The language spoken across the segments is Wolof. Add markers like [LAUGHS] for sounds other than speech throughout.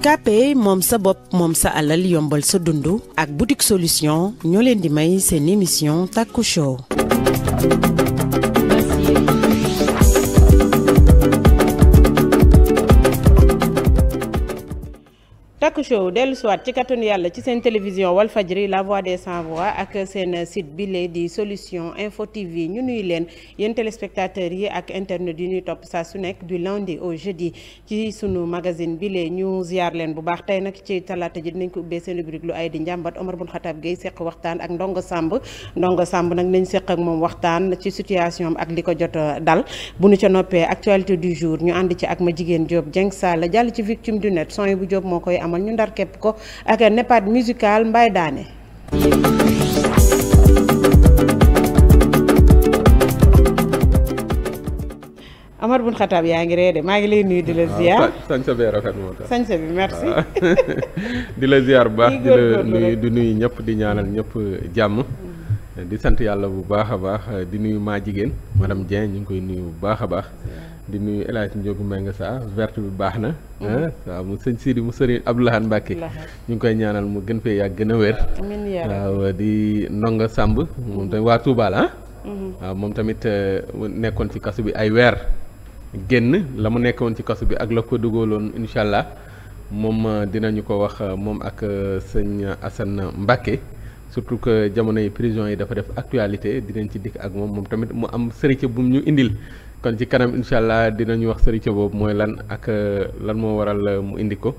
KP moom sa bopp moom sa alal yombal sa dund ak boutique solution ñoo leen di may seen émission Taku Show Talk Show dellu siwaat ci kattanu yàlla ci seen télévision Walfadjri la voix des sans voix ak seen site bi lee di solution info TV ñu nuyu leen yéen téléspectateurs yi ak internet yi ñuy topp saa su nekk du lundi au jeudi ci sunu magazine bi ñu ziar bu baax tey nag ci talaata ji dinañ ko ubbee seen rubrique lu ay di njàmbat Omar Bun Xataab Gueye seq waxtaan ak Ndongo Samb Ndongo Samb nag nañ seq ak moom waxtaan ci situation ak li ko jot dal bu nu ca noppee actualité du jour ñu ndar ko ak nepad musical mbay daane Amar bun Xataab yaa ngi ree de maa ngi lay nuyu di la ah, ziar sañ sa bee rafet moo tax sañ bi merci ah. [LAUGHS] di la ziar bu baax di la nuyu di nuyu ñëpp di ñaanal ñëpp jàmm mm. di sant yàlla bu baax a baax di nuyu maa jigéen madame Dieng ñu ngi koy nuyu bu baax a baax di nuyu El Hadj Ndiogou Mbengue saa verte bi baax na. Mm. Ah, waaw mu sëñ Sidi mu sëriñ Abdoulahane Mbacke. ñu ngi koy ñaanal mu gën fee yàgg gën a wér. waaw di ndongo sàmb moom tamit waa Touba la ah. mm-hmm. waaw moom tamit eh, nekkoon ci kaso bi ay weer. génn la mu nekkoon ci kaso bi ak la ko dugaloon incha allah moom eh, dinañu ko wax eh, moom ak sëñ Assane Mbacke. surtout que jamono yi prison yi dafa def actualité dinañ ci dikk ak moom moom tamit mu am sërite bu ñu indil. kon ci kanam incha allah dinañu wax sëriñ boobu mooy lan ak euh, lan moo waral euh, mu indi ko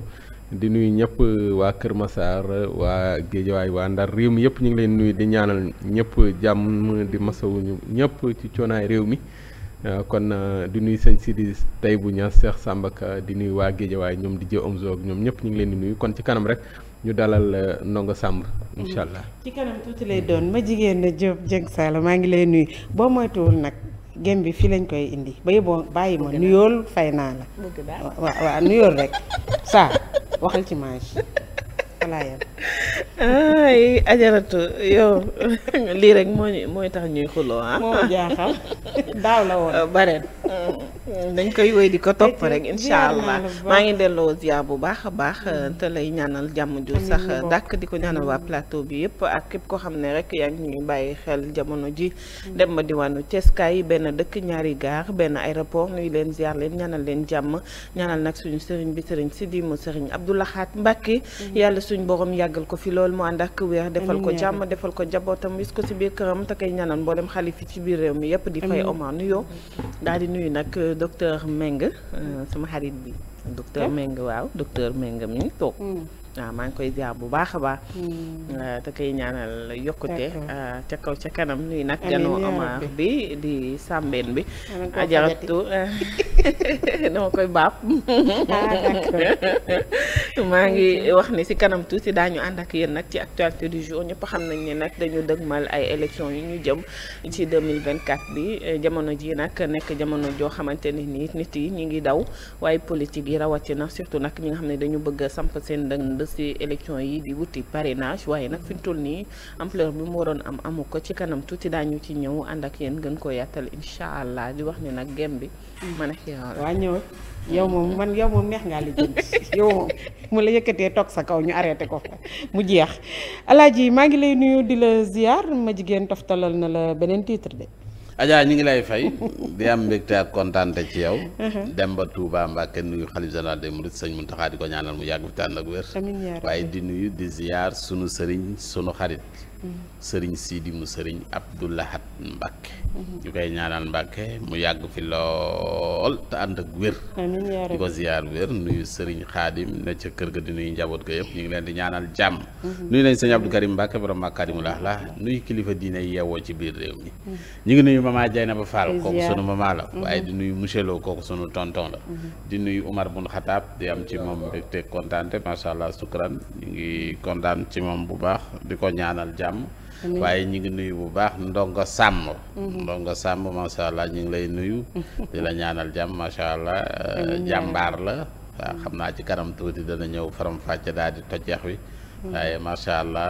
di nuyu ñëpp euh, waa Kër Massar waa Géejawaay waa Ndar réew mi yëpp ñu ngi leen nuyu di ñaanal ñëpp jàmm di masawuñu ñëpp ci coonaay réew mi. kon di nuyu sëñ Sidi tey bu ña Cheikh Samba Ka di nuyu waa Géejawaay ñoom di jë om ak ñoom ñëpp ñu ngi leen di nuyu kon ci kanam rek. ñu dalal Ndongo Samb incha allah. ci kanam tuuti lay doon ma jigéen Diop Dieng Sall maa ngi lay nuyu boo nag. gém bi fii lañ koy indi ba yóbboo bàyyi ma nuyool fay naa la. waaw waaw nuyool rek saa waxal ci mange falaayam ay ajaratu yow lii rek moo mooy tax ñuy xuloo ah. [LAUGHS] dañ koy woy di ko topp rek incha allah maa ngi delloo ziar bu baax a baax mm. te lay ñaanal jàmm ju sax dàkk di ko ñaanal waa plateau bi yëpp ak képp koo xam ne rek yaa ngi ñuy bàyyi xel jamono ji mm. dem ba diwaanu Ceskaay benn dëkk ñaari gaar benn aéroport nuy leen ziar leen ñaanal leen jàmm ñaanal nag suñu sëriñ bi sëriñ Sidi mu sëriñ Abdoulahat Mbacke mm. yàlla suñ borom yàggal ko fi loolu mu ànd ak wéer defal ko jàmm defal ko njabootam wis ko si biir këram te koy ñaanal mboolem xalif yi ci biir réew mi yëpp di fay oma nuyoo daal di nuyu nag euh, docteur Meng euh, sama xarit bi docteur Meng waaw docteur Meng mi toog mm. waaw ah, maa ngi koy jaar bu baax a baax. Mm. Ah, te koy ñaanal yokkute. Ah, ca kaw ca kanam nuy nag. ganu Omar bi di sàmbeen bi. ajaratu [LAUGHS] dama koy baab. [LAUGHS] maa ngi wax ni si kanam tout tuuti daañu ànd ak yéen nag ci actualité du jour ñëpp xam nañ ni nag dañu dëgmal ay élections yu ñu jëm ci mille 2024 bi eh, jamono ji nag nekk jamono joo xamante ne nii nit yi ñu ngi daw waaye politique yi rawatina surtout nag ñi nga xam ne dañu bëgg a samp seen dëng ànd si élection yi di wuti parrainage waaye nag fi mu toll nii ampleur bi mu waroon am amu ko ci kanam tuuti daañu ci ñëw ànd ak yéen gën koo yàttal incha allah di wax ne nag gem bi. man ak waa ñëw yow moom man yow moom neex ngaa lijjanti [LAUGHS] yow moom mu la yëkkatee toog sa kaw ñu arrêté ko [LAUGHS] mu jeex ji maa ngi lay nuyu di la ziar ma jigéen toftalal na la beneen titre de. Adja ñu ngi lay fay di am mbégte ak kontaante ci yow. Mhm. dem ba Touba Mbacke nuyu xalif général des mourides sëñ Mountakha di ko ñaanal mu yàgg fi tànn ak wér. waaye di nuyu di ziar sunu sëriñ sunu xarit. Mhm. sëriñ Sidi mu sëriñ Abdou Lahad Mbacke. Mhm. ñu koy ñaanal Mbacke mu yàgg fi lool te ànd ak wér. di ko ziar wér nuyu sëriñ Xaadim ne ca kër ga di nuyu njaboot ga yëpp ñu ngi leen di ñaanal jàmm. Mhm. nuyu nañ sëñ Abdou Karim Mbacke borom Makarimu Laaxlaa nuyu kilifa diine yeewoo ci biir réew mi. Mhm. ñu ngi nuyu maman Dieynaba Fall kooku sunu maman la. waaye di nuyu monsieur Lo kooku sunu tonton la. di nuyu Umar bun Xataab di am ci moom mbégte kontaante macha allah sukran kontaan ci moom bu baax di waaye ñu ngi nuyu bu baax ndongo sàmm mhm. ndongo sàmm macha allah ñu ngi lay nuyu [LAUGHS] di la ñaanal jàmm macha allah jàmbaar la waaw xam naa ci kanam tuuti dana ñëw faram daal di tojjeex wi mhm. waaye macha allah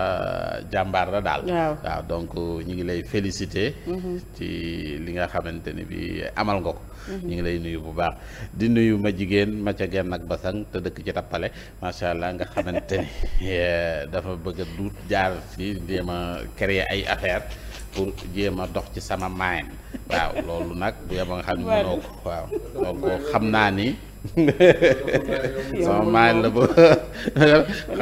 jàmbaar la daal waaw donc ñu ngi lay féliciter mhm. ci li nga xamante ni bi amal nga ko ñu ngi lay nuyu bu baax di nuyu ma jigéen ma ca genn ak basang te dëkk ci tappale macha allah nga xamante ni [LAUGHS] eh, dafa bëgg a duut jaar si jéem a créer ay affaire pour jéem a ci sama maayen waaw loolu nag bu yaba nga xam ne mënoo naa ni [LAUGHS] sama la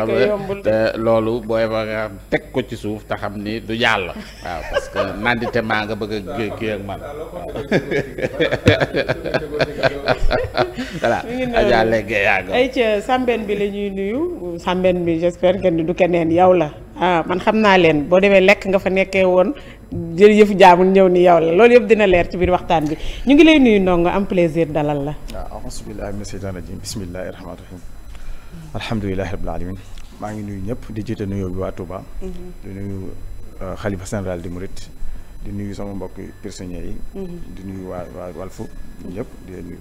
[LAUGHS] loolu boo yaba nga teg ko ci suuf te xam ni du yàlla waaw parce que nandite maa nga bëgg a kii ak man voilà Adja léegi yaa ngi sàmbeen bi la ñuy nuyu sàmbeen bi j'espère que du keneen yow la ah man xam naa leen boo demee lekk nga fa nekkee woon jërëjëf jaamul ñëw ni yow la loolu yëpp dina leer ci biir waxtaan bi ñu ngi lay nuyu ndongo am plaisir dalal la. waaw ah, asubilahi mina seytaan rajim bismillahi rahmaani rahim alhamdulilahi rabil alamin maa ngi nuyu ñëpp di jiita nuyoo bi waa Touba. Mm-hmm. di nuyu euh, xalifa général di Murit di nuyu sama mbokk prisonniers yi. Mm-hmm. di nuyu waa waa Walfu ñëpp di nuyu.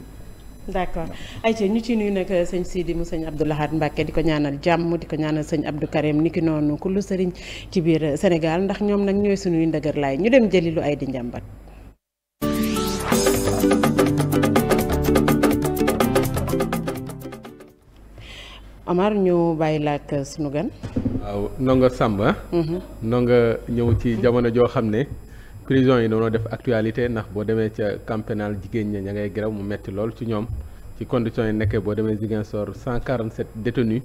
d'accord ayca ñu ci nuyu nag sëñ Sidi mu sëñ Abdou Lahad di ko ñaanal jàmm di ko ñaanal sëñ Abdou Karim niki noonu ku sëriñ ci biir Sénégal ndax ñoom nag ñooy suñuy ndëgër laay ñu dem jëli lu ay di njàmbat. Amar ñu bàyyi la ak sunu gan. waaw ndongo Samba. Mm-hmm. ndongo ñëw ci jamono joo xam ne. prison yi doonoo def actualité ndax boo demee ca camp pénal jigéen ña ña ngay grève mu metti lool ci ñoom ci conditions yi nekkee boo demee Ziguinchor 147 détenus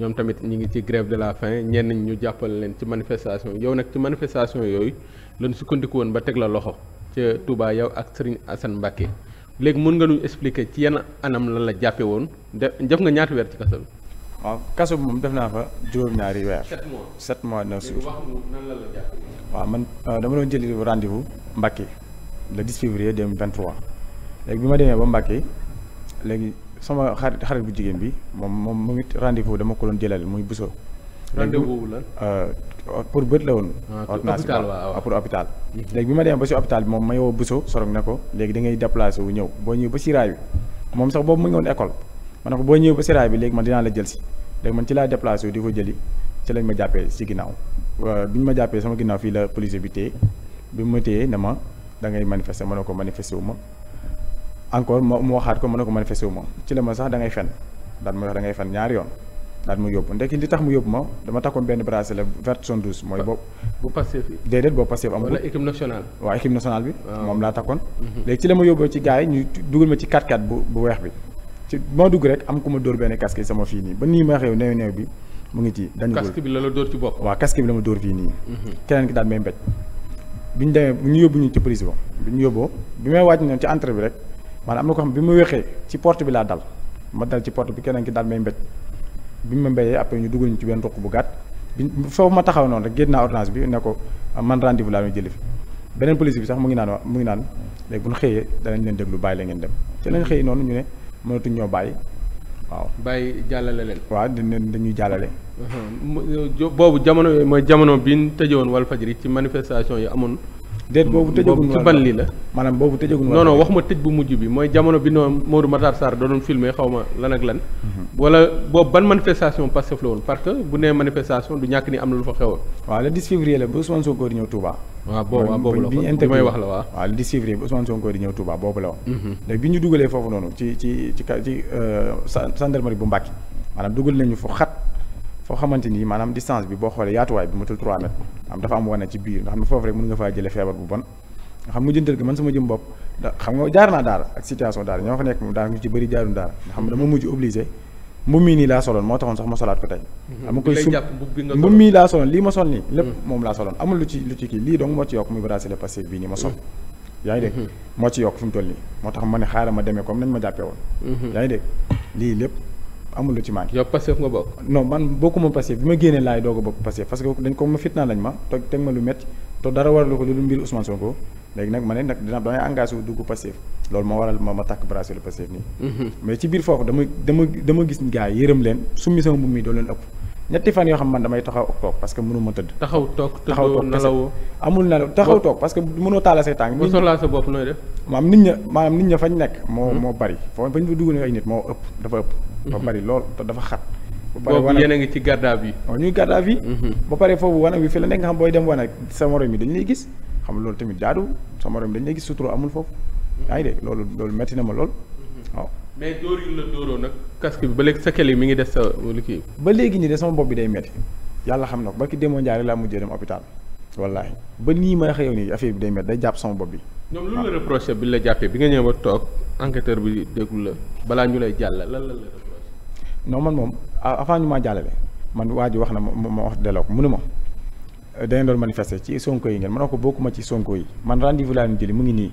ñoom tamit ñu ngi ci grève de la fin ñenn ñu jàppale leen ci manifestation yow nag ci manifestation yooyu lañ sukkandiku woon ba teg la loxo ca Touba yow ak Serigne Assane Mbacké léegi mun nga ñu expliquer ci yenn anam lan la jàppe woon def nga ñaati weer ci kaso waaw kaso bi moom def naa fa juróom-ñaari weer. sept mois sept mois neuf jours. waaw man euh, dama doon jëli rendez-vous Mbacké le 10 février 2023 léegi bi ma demee ba Mbacké léegi sama xarit xarit bu jigéen bi moom moom mu ngi rendez-vous dama ko doon jëlal muy Bousso. rendez-vous la euh, pour bët la woon. Ah, ordonnance pour hôpital mhm. léegi bi ma demee ba si hôpital bi moom ma yowoo Bousso sorog ne ko léegi da ngay déplacé wu ñëw boo ñëw ba si raay moom sax boobu mu ngi woon école. ma ne ko boo ñëwee ba seraay bi léegi man dinaa la jël si léegi man ci laa déplacé wu di ko jëli ci lañ ma jàppee si ginnaaw euh, bi ñu ma jàppee sama ginnaaw fii la police bi téye bi mu ma téye ne ma da ngay manifester ma a ko manifester wu ma encore ma mu waxaat ko ma ne ko manifester wu ma ci la ma sax da ngay fen daal ma wax da ngay fen ñaari yoon daal mu yóbbu ndekki li tax mu yóbbu ma dama takkoon benn bracelet vert jaune rouge mooy boobu. bu Pastef bi déedéet boobu Pastef am. wala équipe nationale. waaw équipe nationale ah. laa takkoon. Mhm. léegi ci la ma yóbboo ci gars yi ma ci 4-4 bu bu weex bi. ci moo dugg rek am ku ma dóor benn casque sama fii nii ba nii ma xew neew neew bi mu ngi ci dañu casque bi la la dóor ci bopp waaw casque bi la ma dóor fii nii mhm. keneen ki daal may mbéj bi ñu demee bu ñu yóbbu ñu ci police ba bi ñu yóbboo bi may wàcc noonu ci entrée bi rek maanaam am na ko xam bi ma wéexee ci port bi laa dal ma dal ci porte bi keneen ki daal may mbéj bi ñu ma mbéyee après ñu dugal ñu ci benn ruq bu gàtt bi foofu ma taxaw noonu rek génn naa ordonnance bi ne ko man rendez-vous fi beneen police bi sax mu ngi naan mu ngi naan léegi bu xëyee danañ leen déglu bàyyi la ngeen dem ci lañ xëy noonu ñu ne mënatuñ ñoo bàyyi waaw. bàyyi jàllale leen. waaw dinañ dañuy jàllale. Uh-huh. Euh, boobu jamono mooy jamono woon ñu faj Walfadjri ci manifestation yi amoon. déet boobu tëjagul ci la maanaam boobu tëjagul non non wax ma tëj bu mujj bi mooy jamono bi noonu Modou Matar Sarr doon filmé xaw ma lan ak lan mhm. wala boobu ban manifestation Pastef la woon parce que bu nee manifestation du ñàkk ni am na lu fa xewoon waaw le 10 février bu Ousmane Sonko di ñëw Touba boobu la wax mhm. bi ñu dugalee foofu noonu ci ci ci ci euh, gendarmerie bu Mbàkke maanaam dugal nañu fu xat foo xamante ni maanaam distance bi boo xoolee yaatuwaay bi matul 3 mètres am dafa am wane ci biir nga xam ne foofu rek mën nga faa jëlee feebar bu bon nga xam mujjantal gi man sama jëm bopp xam nga jaar naa daara ak situation daara ñoo fa nekk moom daara ñu ci bëri jaarun daara nga xam dama mujj obligé mbubb mii nii laa soloon moo taxoon sax ma solaat ko tey mhm. mbubb mii laa soloon lii ma sol nii lépp mhm. moom laa soloon amul lu ci lu ci kii lii donc moo ci yokk muy bracelet passif bii nii ma sol mhm. yaa ngi amul lu ci manqué. yow Pastef nga bokk. non man bokkuma Pastef bi ma génnee laay doog a bokk Pastef parce dañ ko ma fitnaa lañ ma teg teg ma lu métti te dara waralu ko lu mbir Ousmane Sonko léegi nag ma ne nag damay engagé wu dugg loolu moo waral ma ma takk bracelet Pastef nii. Mhm. mais ci biir foofu dama dama gis gaa yërëm leen summi sama mbubb mi doo leen ëpp. ñetti fan yoo xam man damay taxaw toog parce que mënuma tëdd. taxaw toog tëddoo nelaw amul nelaw taxaw toog parce que mënoo taala say tànk. boo soxlaa sa bopp nooy def. maanaam nit ña maanaam nit ña fañ nekk. moo hmm. moo bari foo fañ fa dugg ay nit moo ëpp dafa ëpp. ba hmm. bari lool te dafa xat. ba pare boobu yéen a ngi ci garde bi. waaw oh, ñuy garde hmm. ba pare foofu wanag bi fi la nekk nga xam booy dem wanag sa morom yi dañu lay gis xam loolu tamit jaadu sa morom dañ lay gis sutura amul foofu yaa de loolu loolu metti na ma lool waaw mais dóor yi la dóoroo nag casque bi ba léegi sa kel yi mi ngi des sa li ba léegi nii de sama bopp bi day metti yàlla xam na ko ba ki demoo njaari laa mujjee dem hôpital wallaahi ba nii may xëyoon nii affaire bi day metti day jàpp sama bopp bi. ñoom lu ah. la la jàppee bi nga ñëw toog enquêteur bi déglu la balaa ñu lay jàll lan la la reproché. non man moom avant ñu maa jàllale man waa ji wax na ma ma wax delloo ko mënu ma. Eh, dañu doon manifester ci sonko yi ngeen ma ne ko bokkuma ci sonko yi man rendez-vous laa leen jëli mu ngi nii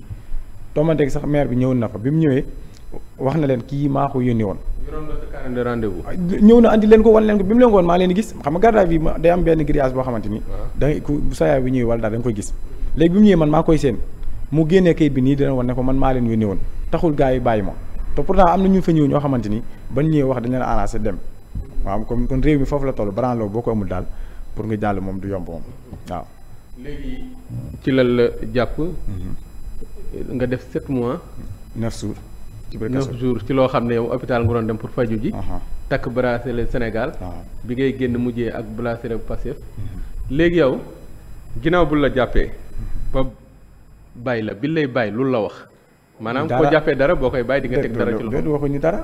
tombanteeg sax maire bi ñëwoon na fa bi mu ñëwee wax na leen kii maa ko yónni woon. Ah, ñëw na andi leen ko wan leen ko bi mu leen ko woon maa leen gis xam nga garde à vue bi day am benn grillage boo xamante ni. Ah. da ngay bi ñëwee wala daal da koy gis. léegi bi mu ñëwee man maa koy seen mu génnee kayit bi nii dina wan ne ko man maa leen yónni woon taxul gars yi bàyyi ma te pourtant am na ñu fa ñëw ñoo xamante ni ban ñëwee wax dañu leen arrangé dem waaw comme kon réew mi foofu la toll branlo boo ko amul daal pour nga jàll moom du yomb moom waaw. léegi ci lan la jàpp. Mhm. nga def sept mois. neuf jours. neuf jours ci loo xam ne yow hôpital nga doon dem pour faju ji takk bracelet Sénégal bi ngay génn mujjee ak bracelet Pastef mhm. léegi yow ginnaaw bul la jàppee mhm. ba bàyyi la bi lay bàyyi lu la wax maanaam koo jàppee dara boo koy bàyyi di nga teg dara ci loxo waxuñu dara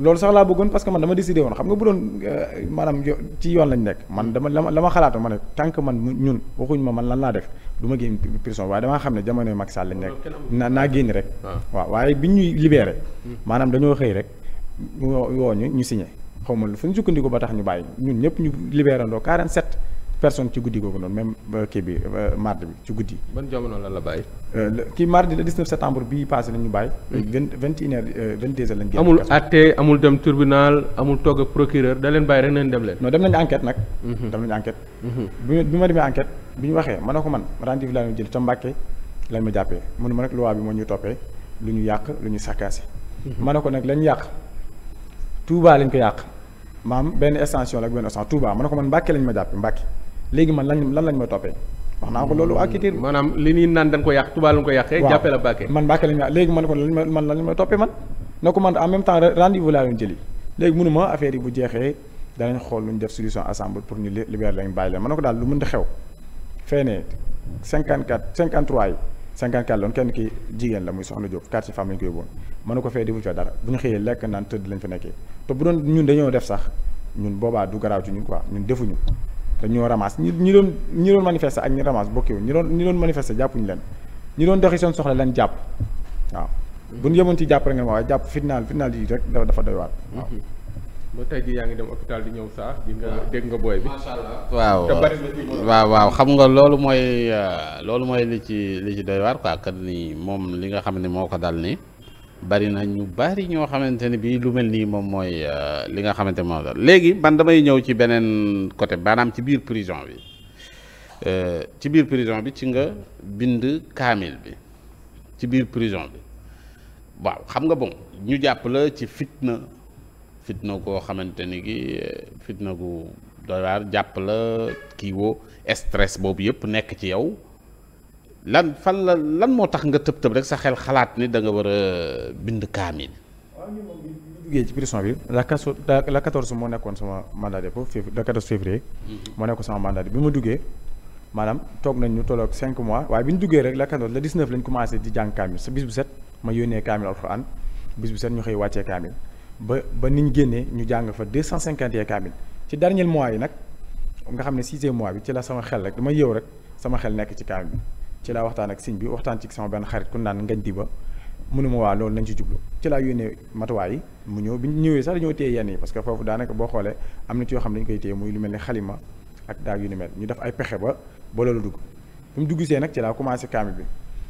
loolu sax laa bëggoon parce que man dama décidé woon xam nga bu doon euh, maanaam ci yoon lañ nekk man dama la ma la ma xalaatoon ma ne tant que man ñun waxuñ ma man lan laa def du ma génn prison waaye damaa xam ne jamonoy Macky Sall lañ nekk. na naa génn rek. Ah. waa waaye bi ñuy libéré. Hmm. maanaam dañoo xëy rek yoo ñu ñu signé xaw ma fu ñu sukkandiku ba tax ñu bàyyi ñun ñëpp ñu libéré ndoo 47. personne ci guddi googu noonu même euh, kii bi euh, mardi bi ci guddi. ban jamono lan la bàyyi. Euh, kii mardi le 19 septembre bii passé la ñu bàyyi. Hmm. vingt vingt et une heure amul àtte amul dem tribunal amul toog procureur da leen bàyyi rek nañ dem leen. non dem nañu enquête nag. Hmm. dem nañu enquête. bi hmm. bi ma demee enquête bi ñu waxee ma ne ko man rendez-vous laa ñu jël ca Mbàkke lañ ma jàppee mun ma nag loi bi moo ñuy toppee lu ñu yàq lu ñu sàkkaase. man ne ko nag lañ yàq Touba lañ ko yàq maam benn extension la ak benn instant Touba ma ne ko man Mbàkke lañ ma jàppee léegi man lan lan lañ may toppee wax naa ko loolu akitir maanaam li ñuy naan dañ ko yàq tubaab lañ ko yàqee jàppee la bàkkee man bàkkee lañ léegi man ko lan man toppee man na ko en même temps jeexee danañ xool lu ñu def solution assemblée pour ñu libérer lañ bàyyi leen man na ko daal lu mën di xew feenee 54 53 yi 54 loon kenn ki jigéen la muy soxna Diop quartier femme la ñu ko yóbboon mën na ko fee defuñ fa dara bu ñu xëyee lekk naan tëdd lañ fa nekkee te bu doon ñun dañoo def sax ñun boobaa du garaaw ci ñun quoi ñun defuñu dañoo ramasse ñi ñi doon ñi doon manifester ak ñi ramasse bokkiwul ñi doon ñi doon manifester jàppuñu leen ñi doon doxi seen soxla leen jàpp waaw mm-hmm. bu ñu yemoon ci jàpp rek nga ma waaye jàpp fitnaal fitnaal yi rek dafa doy waar waaw mm-hmm. ba tey jii yaa ngi dem hôpital di ñëw saa dégg nga booy bi macha allah waaw waaw waaw xam nga loolu mooy euh, loolu mooy li ci li ci doy waar quoi que moom li nga xam ne moo ko dal nii bari na ñu bari ñoo xamante ne bii lu mel nii moom mooy euh, li nga xamante moom la léegi man damay ñëw ci beneen côté maanaam ci biir prison bi euh, ci biir prison bi ci nga bind kaamil bi ci biir prison bi waaw xam nga bon ñu jàpp la ci fitna fitna koo xamante ni gi euh, fitna ku doy waar jàpp la kii woo stress boobu yëpp nekk ci yow. lan fan la lan moo tax nga tëb tëb rek sa xel xalaat ni da nga war a bind kaamil. waaw ñu moom ñu duggee ci prison bi la quatorze la quatorze moo nekkoon sama mandat de dépôt le quatorze février. Mhm. moo nekkoon sama mandat bi ma duggee. maanaam toog nañ ñu tolloog cinq mois waaye bi ñu duggee rek la quatorze la dix-neuf lañ commencé di jàng kaamil sa bis bu set ma yónnee kaamil alxuraan bis bu set ñu xëy wàccee kaamil ba ba niñ génnee ñu jàng fa deux cent cinquante et kaamil ci dernier mois yi nag nga xam ne sixième mois bi ci la sama xel rek dama yeew rek sama xel ci kaamil bi ci laa waxtaan ak sëñ bi waxtaan ci sama benn xarit ku naan ngañ di ba mënuma waa loolu lañ ci jublu ci laa yónnee matuwaay yi mu ñëw ñëwee sax dañoo téye yenn yi parce que foofu daanaka boo xoolee am na ci yoo xam ne dañu koy téye muy lu mel ni xalima ak daag yu ni ñu def ay pexe ba ba loolu dugg bi dugg see nag ci laa commencé kaamil bi.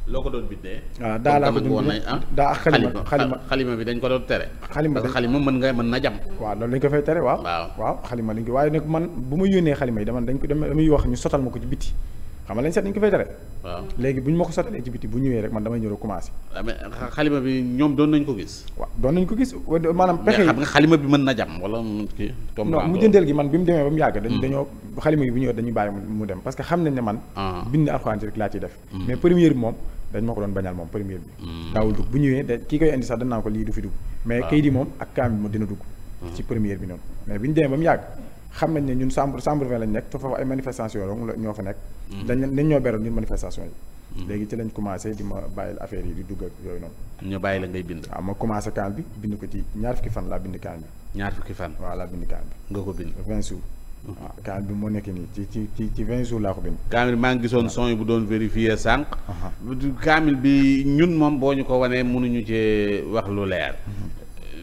ko doon bindee. waaw daa laa ko bindee daa ak xalima xalima bi dañ ko doon tere. xalima parce que xalima mën nga mën na jam. waaw loolu lañ ko fay tere waaw. waaw xalima lañ ko waaye nag man bu ma yónnee xalima yi dama dañ ko damay wax ñu sotal ma ko ci biti xam nga lañ seet nañ ko fay tere. waaw léegi bu ñu ma ko sottalee ci bu ñëwee rek man damay ñëw commencé. Ah, xalima bi ñoom doon nañ ko gis. na jàmm man bi mu demee ba mu yàgg. dañ hmm. dem parce que xam nañ ne man. Ah. bind alxuraan rek laa ciy def. Hmm. mais première bi moom dañ ma ko doon bañal moom première bi. Hmm. daawul dugg bu ñëwee kii koy indi sax danaa ko lii du fi dugg. mais ah. kayit yi moom ak kaam bi moom dina dugg. ci première bi noonu mais bi ñu demee ba mu yàgg xam nañ ne ñun chambre chambre vingt lañ nekk te foofu ay manifestation la ñoo fa nekk mm-hmm. dañ dañ ñoo beral ñun manifestation yi mm-hmm. léegi ci lañ commencé di ma bàyyil affaire yi di dugg ak yooyu noonu ñu bàyyi la ngay bind waaw ah, ma commencé kaan bi bind ko ci ñaar fukki fan laa bind kaan bi ñaar fukki fan waaw laa bind bi nga ko bind vingt jours waaw mm-hmm. ah, kaamil bi moo nekk nii ci ci ci ci vingt jours laa ko bind. kaamil maa ngi gisoon ah. son yi bu doon vérifier sànq. Uh-huh. kaamil bi ñun moom boo ñu ko wanee mënuñu cee wax lu leer.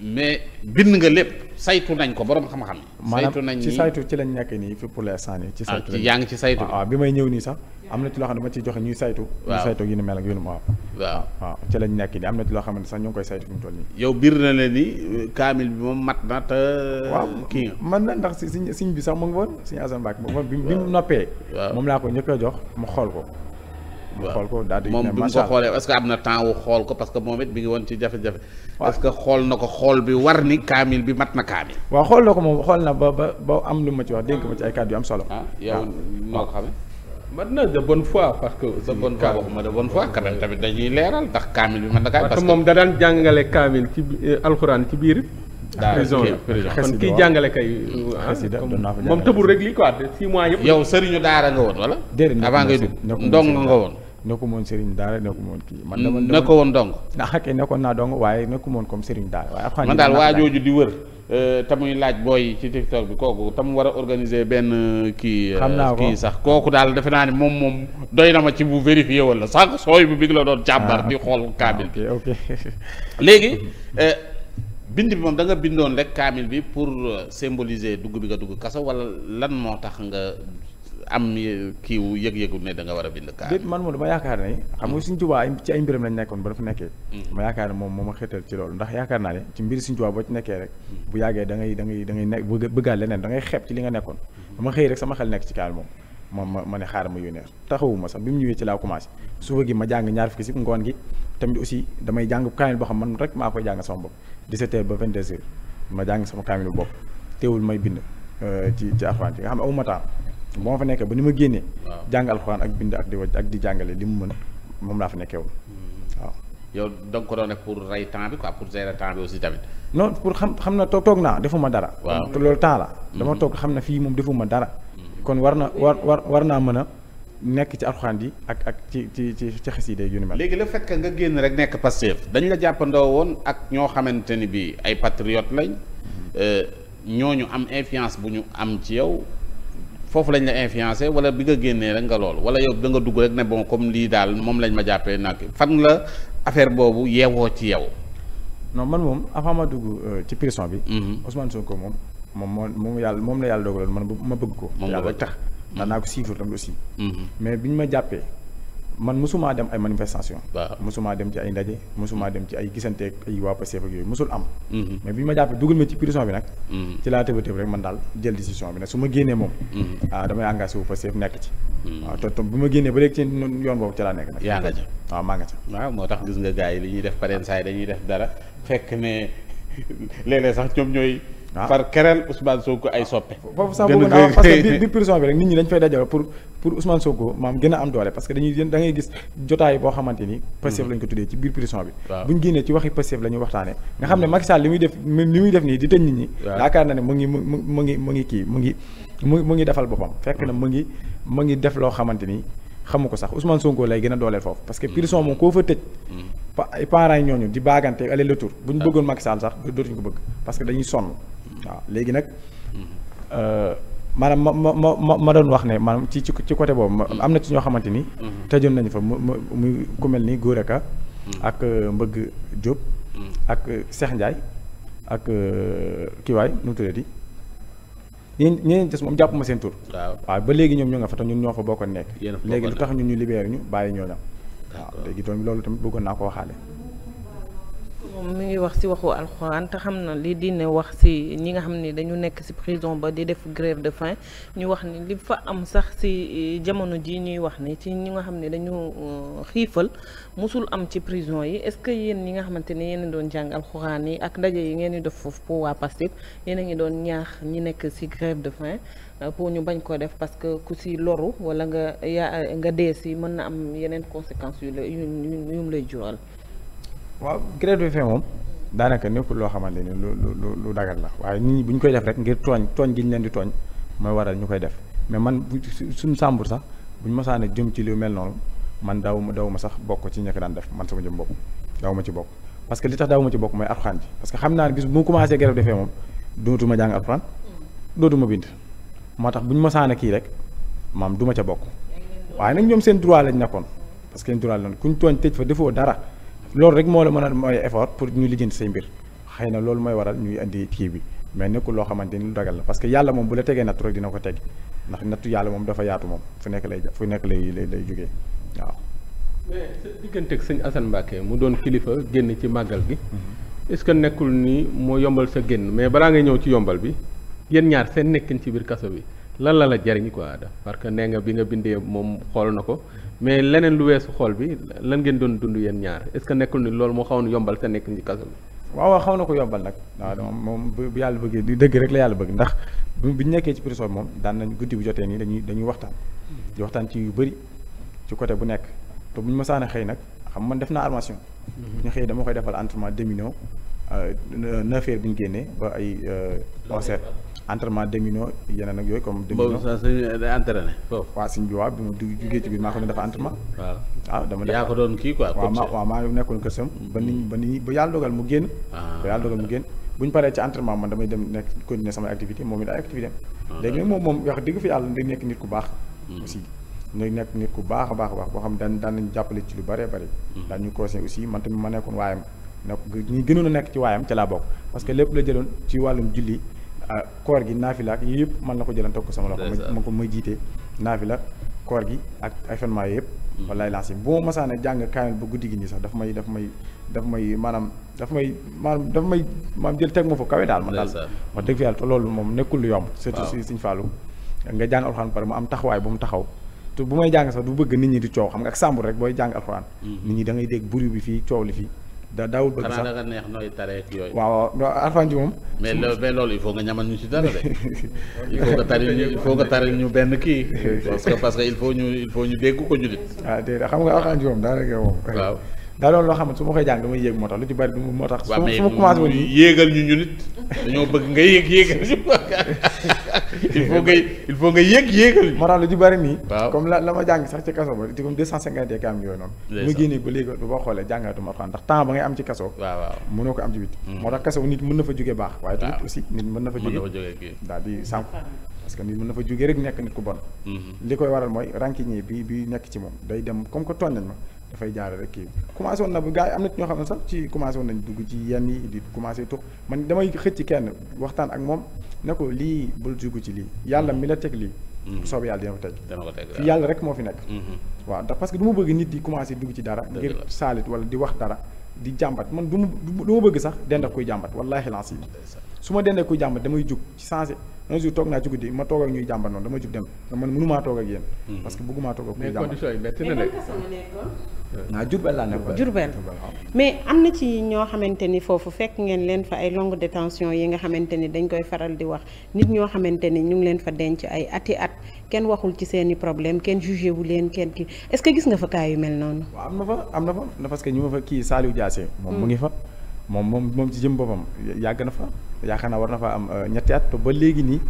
mais bind nga lépp saytu nañ ko borom xam-xam. a saytu nañ ci saytu ci lañ nekk nii pour l'instant nii. ci saytu ah, lañ yaa ngi ci saytu. Ah, waaw bi may ñëw nii sax am na ci loo xam ne joxe ñuy saytu. waaw ñuy saytu ak yu ni waaw. Ah, waaw lañ nekk nii am na ci loo xam ne sax ñu ngi koy saytu fi mu toll nii. yow biir na leen ni kaamil bi moom mat na te. waaw kii man na ndax si siñ siñ bi sax mu ngi woon siñ Assane Mbacke mu ngi bi mu noppee. moom laa ko njëkk a jox mu xool ko. mu xool ko daal moom bi mu ko xoolee est-ce que am na temps wu xool ko parce que moom it mi ngi woon ci jafe-jafe est que xool na ko xool bi war ni kaamil bi mat na kaamil waaw xool na ko moom xool na ba ba ba am lu ma ci wax dénk ma ci ay kàddu yu am solo ah yow noo ko xamee maintenant de bonne foi parce que de bonne foi waxuma de ko foi quand même tamit dañuy leeral ndax kaamil bi mën na kaamil parce que moom da daan jàngale kaamil ci euh, alxuraan ci biir prison la kon kii jàngale kay ah, moom tëbul rek lii quoi six mois yëpp yow sëriñu daara nga woon wala avant ngay dugg ndong nga woon nekku moon sëriñ daara nekku moon kii man dama mm, ko woon dong ndax xakkee nekkoon naa dong waaye nekku moon comme sëriñ daara waaye alxuraan man daal waajooju di wër euh, te muy laaj booy ci TikTok bi kooku tam war a organiser benn euh, kii euh, xam naa sax kooku daal defe naa ne moom moom doy na ma ci bu vérifié wala sax sooy bu bi la doon jàmbar ah, di xool ah, kaamil bi ok [LAUGHS] léegi bind bi moom da nga bindoon rek kaamil bi pour symboliser dugg bi nga dugg kaso wala lan moo tax nga am kii wu yëg-yëgu ne da nga war a bind kaamil. déet man moom dama yaakaar ne. xam nga Sëriñ Tuubaa ci ay mbiram lañ nekkoon nekkee. Mm-hmm. ma yaakaar ne moo ma xeetal ci loolu ndax yaakaar naa ne ci mbir Sëriñ Tuubaa boo ci nekkee mm-hmm. da ngay da ngay da ngay nekk bëggaat ngay xeeb ci li nga nekkoon. dama mm-hmm. xëy rek sama xel nekk ci kaamil moom. ma ne taxawuma sax bi mu ñëwee ci laa commencé suba gi ma jàng ñaar fukki si ngoon damay jàng kaamil boo xam man rek maa koy jàng sama bopp 17 heures ba 22 heures ma jàng sama kaamil bopp teewul may bind euh, ci ci Alxuraan yi nga xam ne aw ma bu ma fa nekkee ba ni ma génnee. jàng alxuraan ak bind ak di ak di jàngale li mu mën moom laa fa nekkee woon mm-hmm. waaw. yow da ko doon nekk pour rey temps bi quoi pour gérer aussi tamit. non pour xam xam na toog toog naa defuma dara. waaw loolu temps la. Mm-hmm. dama toog xam na fii moom defuma dara. Mm-hmm. kon war na war war war naa mën a. nekk ci alxuraan yi ak ak ci ci ci ci xasida yu ni mel. léegi la fait nga génn rek nekk Pastef dañu la jàppandoo woon ak ñoo xamante ni bii ay patriote lañ euh, ñooñu am influence bu ñu am ci yow foofu lañ la influencé wala bi nga génnee rek nga loolu wala yow da nga dugg rek ne bon comme lii daal moom lañ ma jàppee nag fan la affaire boobu yeewoo ci yow. non man moom avant ma dugg euh, ci prison bi. Mhm. Ousmane ko moom moom moom yàlla moom la yàlla la man ma bëgg ko. moom la yàlla tax. Mhm. daan naa ko suivre tamit aussi. Mhm. mais bi ñu ma jàppee. man mosumaa dem ay manifestation waaw mosumaa dem ci ay ndaje mosumaa dem ci ay gisante ay waa Pastef ak yooyu mosul am mhm. mais bi ma jàppee dugal ma ci prison bi nag mhm. ci laa tëba tëb rek man daal jël décision bi nag su ma génnee moom mhm. ah damay engagé wu Pastef nekk ci to te bi ma génnee ba léegi ci yoon boobu ci laa nekk nag yaa nga ca waaw maa nga ca waaw moo tax gis nga gars li ñuy def pareen saa yi dañuy def dara fekk ne [LAUGHS] léeg sax ñoom ñooy Ah. par kereel Ousmane Sonko ay soppe. foofu biir [LAUGHS] prison bi rek nit ñi dañ fay dajale pour pour Ousmane Sonko maam gën a am doole parce que dañuy da ngay gis jotaay boo xamante ni. Pastef hmm. lañ ko tuddee ci biir prison bi. bu ñu génnee ci waxi Pastef la ñuy nga xam ne hmm. Macky Sall li muy def li muy def nii di tëj nit ñi. yaakaar na ne mu ngi mu mu ngi mu ngi kii mu ngi mu mu ngi defal boppam. fekk na hmm. mu ngi mu ngi def loo xamante ni xamu ko sax Ousmane Sonko lay gën a dooleel foofu parce que prison moom koo fa tëj parents yi ñooñu di ñu ah. bëggoon Macky Sall sax bëgg parce que dañuy sonn waaw léegi nag euh, maanaam ma ma ma ma doon wax ne maanaam ci ci ci côté boobu mm-hmm. am na ci ñoo xamante ni. Mm-hmm. tëjoon nañu fa mu mu ku mel ni Gora Ka mm-hmm. ak euh, Mbëgg Diop. ak euh, Cheikh Ndiaye ak kiiwaay nu mu tuddati ñi ñeneen des moom jàppuma seen tur. waaw ba léegi ñoom ñoo nga fa te ñun ñoo fa bokkoon nekk. léegi lu tax ñun ñu libéré ñu bàyyi ñoo na. waaw léegi doon loolu tamit bëggoon naa ko waxaale. moom mi ngi wax ci waxu alxuraan te xam na li diine wax ci ñi nga xam ni dañu nekk ci prison ba di def grève de faim ñu wax ni li fa am sax ci e, jamono ji ñuy wax ni ci ñi nga xam ne dañu e, xiifal musul am ci prison yi est-ce que yéen ñi nga xamante ne yéen doon jàng alxuraan yi ak ndaje yi ngeen di def foofu pour waa Pastef yéen a ngi doon ñaax ñi nekk ci grève de faim e, pour ñu bañ ko def parce que ku ci loru walla nga yaa nga dee ci mën na am yeneen conséquence yu la yu yu lay jural. waaw grève de faim moom daanaka nekkul loo xamante ni lu lu lu dagal la waaye nit ñi bu ñu koy def rek ngir tooñ tooñ gi ñu leen di tooñ mooy waral ñu koy def mais man suñ sàmbur sax bu ñu masaane jëm ci lu mel noonu man daaw ma daaw ma sax bokk ci ñekk daan def man sama jëm bopp daaw ma ci bokk parce que li tax daaw ma ci bokk mooy alxuraan ji parce que xam naa ne bis bu mu commencé grève de faim moom dootuma jàng alxuraan dootuma bind moo tax bu ñu masaane kii rek maam du ma ca bokk waaye nag ñoom seen droit lañ nekkoon parce que seen droit lañ ku ñu tooñ tëj fa defoo dara loolu rek moo la mën a mooy effort pour ñu lijjanti say mbir xëy na loolu mooy waral ñuy indi kii bi mais nekkul loo xamante ni lu dagal la parce que yàlla moom bu la tegee nattu rek dina ko teg ndax nattu yàlla moom dafa yaatu moom fu nekk lay fu nekk lay lay lay jógee waaw. mais sa diggante ak sëñ Assane Mbacke mu doon kilifa génn ci màggal gi. Mhm. est-ce que nekkul nii moo yombal sa génn mais balaa ngay ñëw ci yombal bi yéen ñaar seen nekkin ci biir kaso bi lan la la jariñ quoi parce que nee nga bi nga bindee moom xool na ko. mais leneen lu weesu xool bi lan ngeen doon dund yéen ñaar est-ce que nekkul ni loolu moo xawoon yombal sa nekk ci kaso bi. waaw xaw na ko yombal nag waaw moom bu yàlla bëggee di dëgg rek la yàlla bëgg ndax bu ñu nekkee ci prison moom daan nañ guddi bu jotee nii dañuy dañuy waxtaan di waxtaan ci yu bëri ci côté bu nekk te bu ñu mësaan a xëy nag xam man def naa armation. Mhm. ñu xëy dama koy defal entraînement domino euh, neuf heures bu ñu génnee ba ay euh, onze heures entraînement domino yeneen ak yooyu comme. domino boobu suñu day entraîné foofu. waaw suñ bi waaw bi mu dugg jugee ci biir maa ko doon def entraînement. waaw ah, dama def yaa ko doon kii quoi. waaw maa maa nekkoon kër ba ni ah. ba yàlla dogal mu génn. bu ñu paree ci entraînement man damay dem nekk continuer sama activité moom it ay activité ah. léegi nag moom moom wax dëgg fi yàlla day nekk nit ku baax. Hmm. ku baax a baax a baax boo xam ne daan daan nañu jàppale ci lu bare bëri. Hmm. daan ñu conseillé aussi man tamit ma nekkoon waayam nekk ci waayam ca laa bokk parce que lépp la jëloon ci wàllum julli ah koor gi naafila ak yii yëpp mën na ko jëlan teg ko sama loxo ma ko ma jiite naafila koor gi ak événement yooyu yëpp hmm. wallaay lancé boo masaane jàng kaamil ba guddi gi nii sax dafa may dafa may dafa may maanaam dafa may maanaam dafa may maanaam jël teg ma fu kawe daal man daal wax dëgg fi yàlla te loolu moom nekkul lu yomb surtout si Sëñ Fallou nga jàng alxuraan pare mu am taxawaay bu mu taxaw te bu may jàng sax du bëgg nit ñi di coow xam nga ak sàmbur rek booy jàng alxuraan hmm. nit ñi da ngay dégg buri bi fii coow fii da daawul bëgg sax xanaa neex nooy taree ak yooyu. waaw alxuraan ji moom. mais loolu il faut nga ñaman ñu ci dara de. [LAUGHS] il faut nga taril ñu benn kii. [LAUGHS] parce que parce que il faut ñu il faut ñu dégg ko ñu nit. ah déedéet xam nga alxuraan ji moom daanaka moom. waaw. daa doon loo xam ne su ma koy jàng damay yéeg moo tax lu ci bari du su ma commencé woon bëgg nga yéeg yéegal ñu il faut nga il faut nga yéeg yéegal ñu. moo tax lu ci bari nii. comme la la ma jàng sax ci kaso ba ci comme deux cent cinquante et am yooyu noonu. mu génnee ba léegi ba xoolee jàngatuma alxuraan ndax temps ba ngay am ci kaso. waaw waaw mënoo ko am ci biti. Mm. moo tax kaso nit mën na fa jóge baax. waaye tamit aussi nit mën na fa jóge daal di sànq parce que nit mën na fa jógee rek nekk nit ku bon. Mm-hmm. li koy waral mooy rankiñe bi bi nekk ci moom day dem comme que tooñ nañ ma dafay jaare rek kii commencé woon na bu gars yi am na ñoo xam ne sax ci commencé woon nañ dugg ci yenn yi di commencé tux man damay xëcc kenn waxtaan ak moom ne ko lii bul dugg ci lii yàlla mi la teg lii bu mm-hmm. soobee yàlla dina ko teg fi yàlla rek moo fi nekk mm-hmm. waaw ndax parce que du bëgg nit di commencé dugg ci dara ngir saalit wala di wax dara di jàmbat man du ma du ma bëgg sax dend ak koy jàmbat wallaahi lancé su ma dendee kuy jàmbat damay jug ci sensé un jour toog naa ci ma toog ak ñuy jàmbat noonu dama jug dem man mënumaa toog ak yéen. Mhm. parce que bëggumaa toog ak kuy jàmbat. mais condition yi métti na de. ah Diourbel mais am na ci ñoo xamante ni foofu fekk ngeen leen fa ay longue détention yi nga xamante ni dañ koy faral di wax nit ñoo xamante ni ñu ngi leen fa denc ay at ati at kenn waxul ci seen i problème kenn jugé wu leen kenn kii est-ce que gis nga fa cas yu mel noonu. waaw am na fa am na fa parce que ñu ma fa kii Saliou Diassé moom mu ngi fa moom moom moom ci jëm boppam yàgg na fa yaakaar naa war na fa am euh, ñetti at ba léegi nii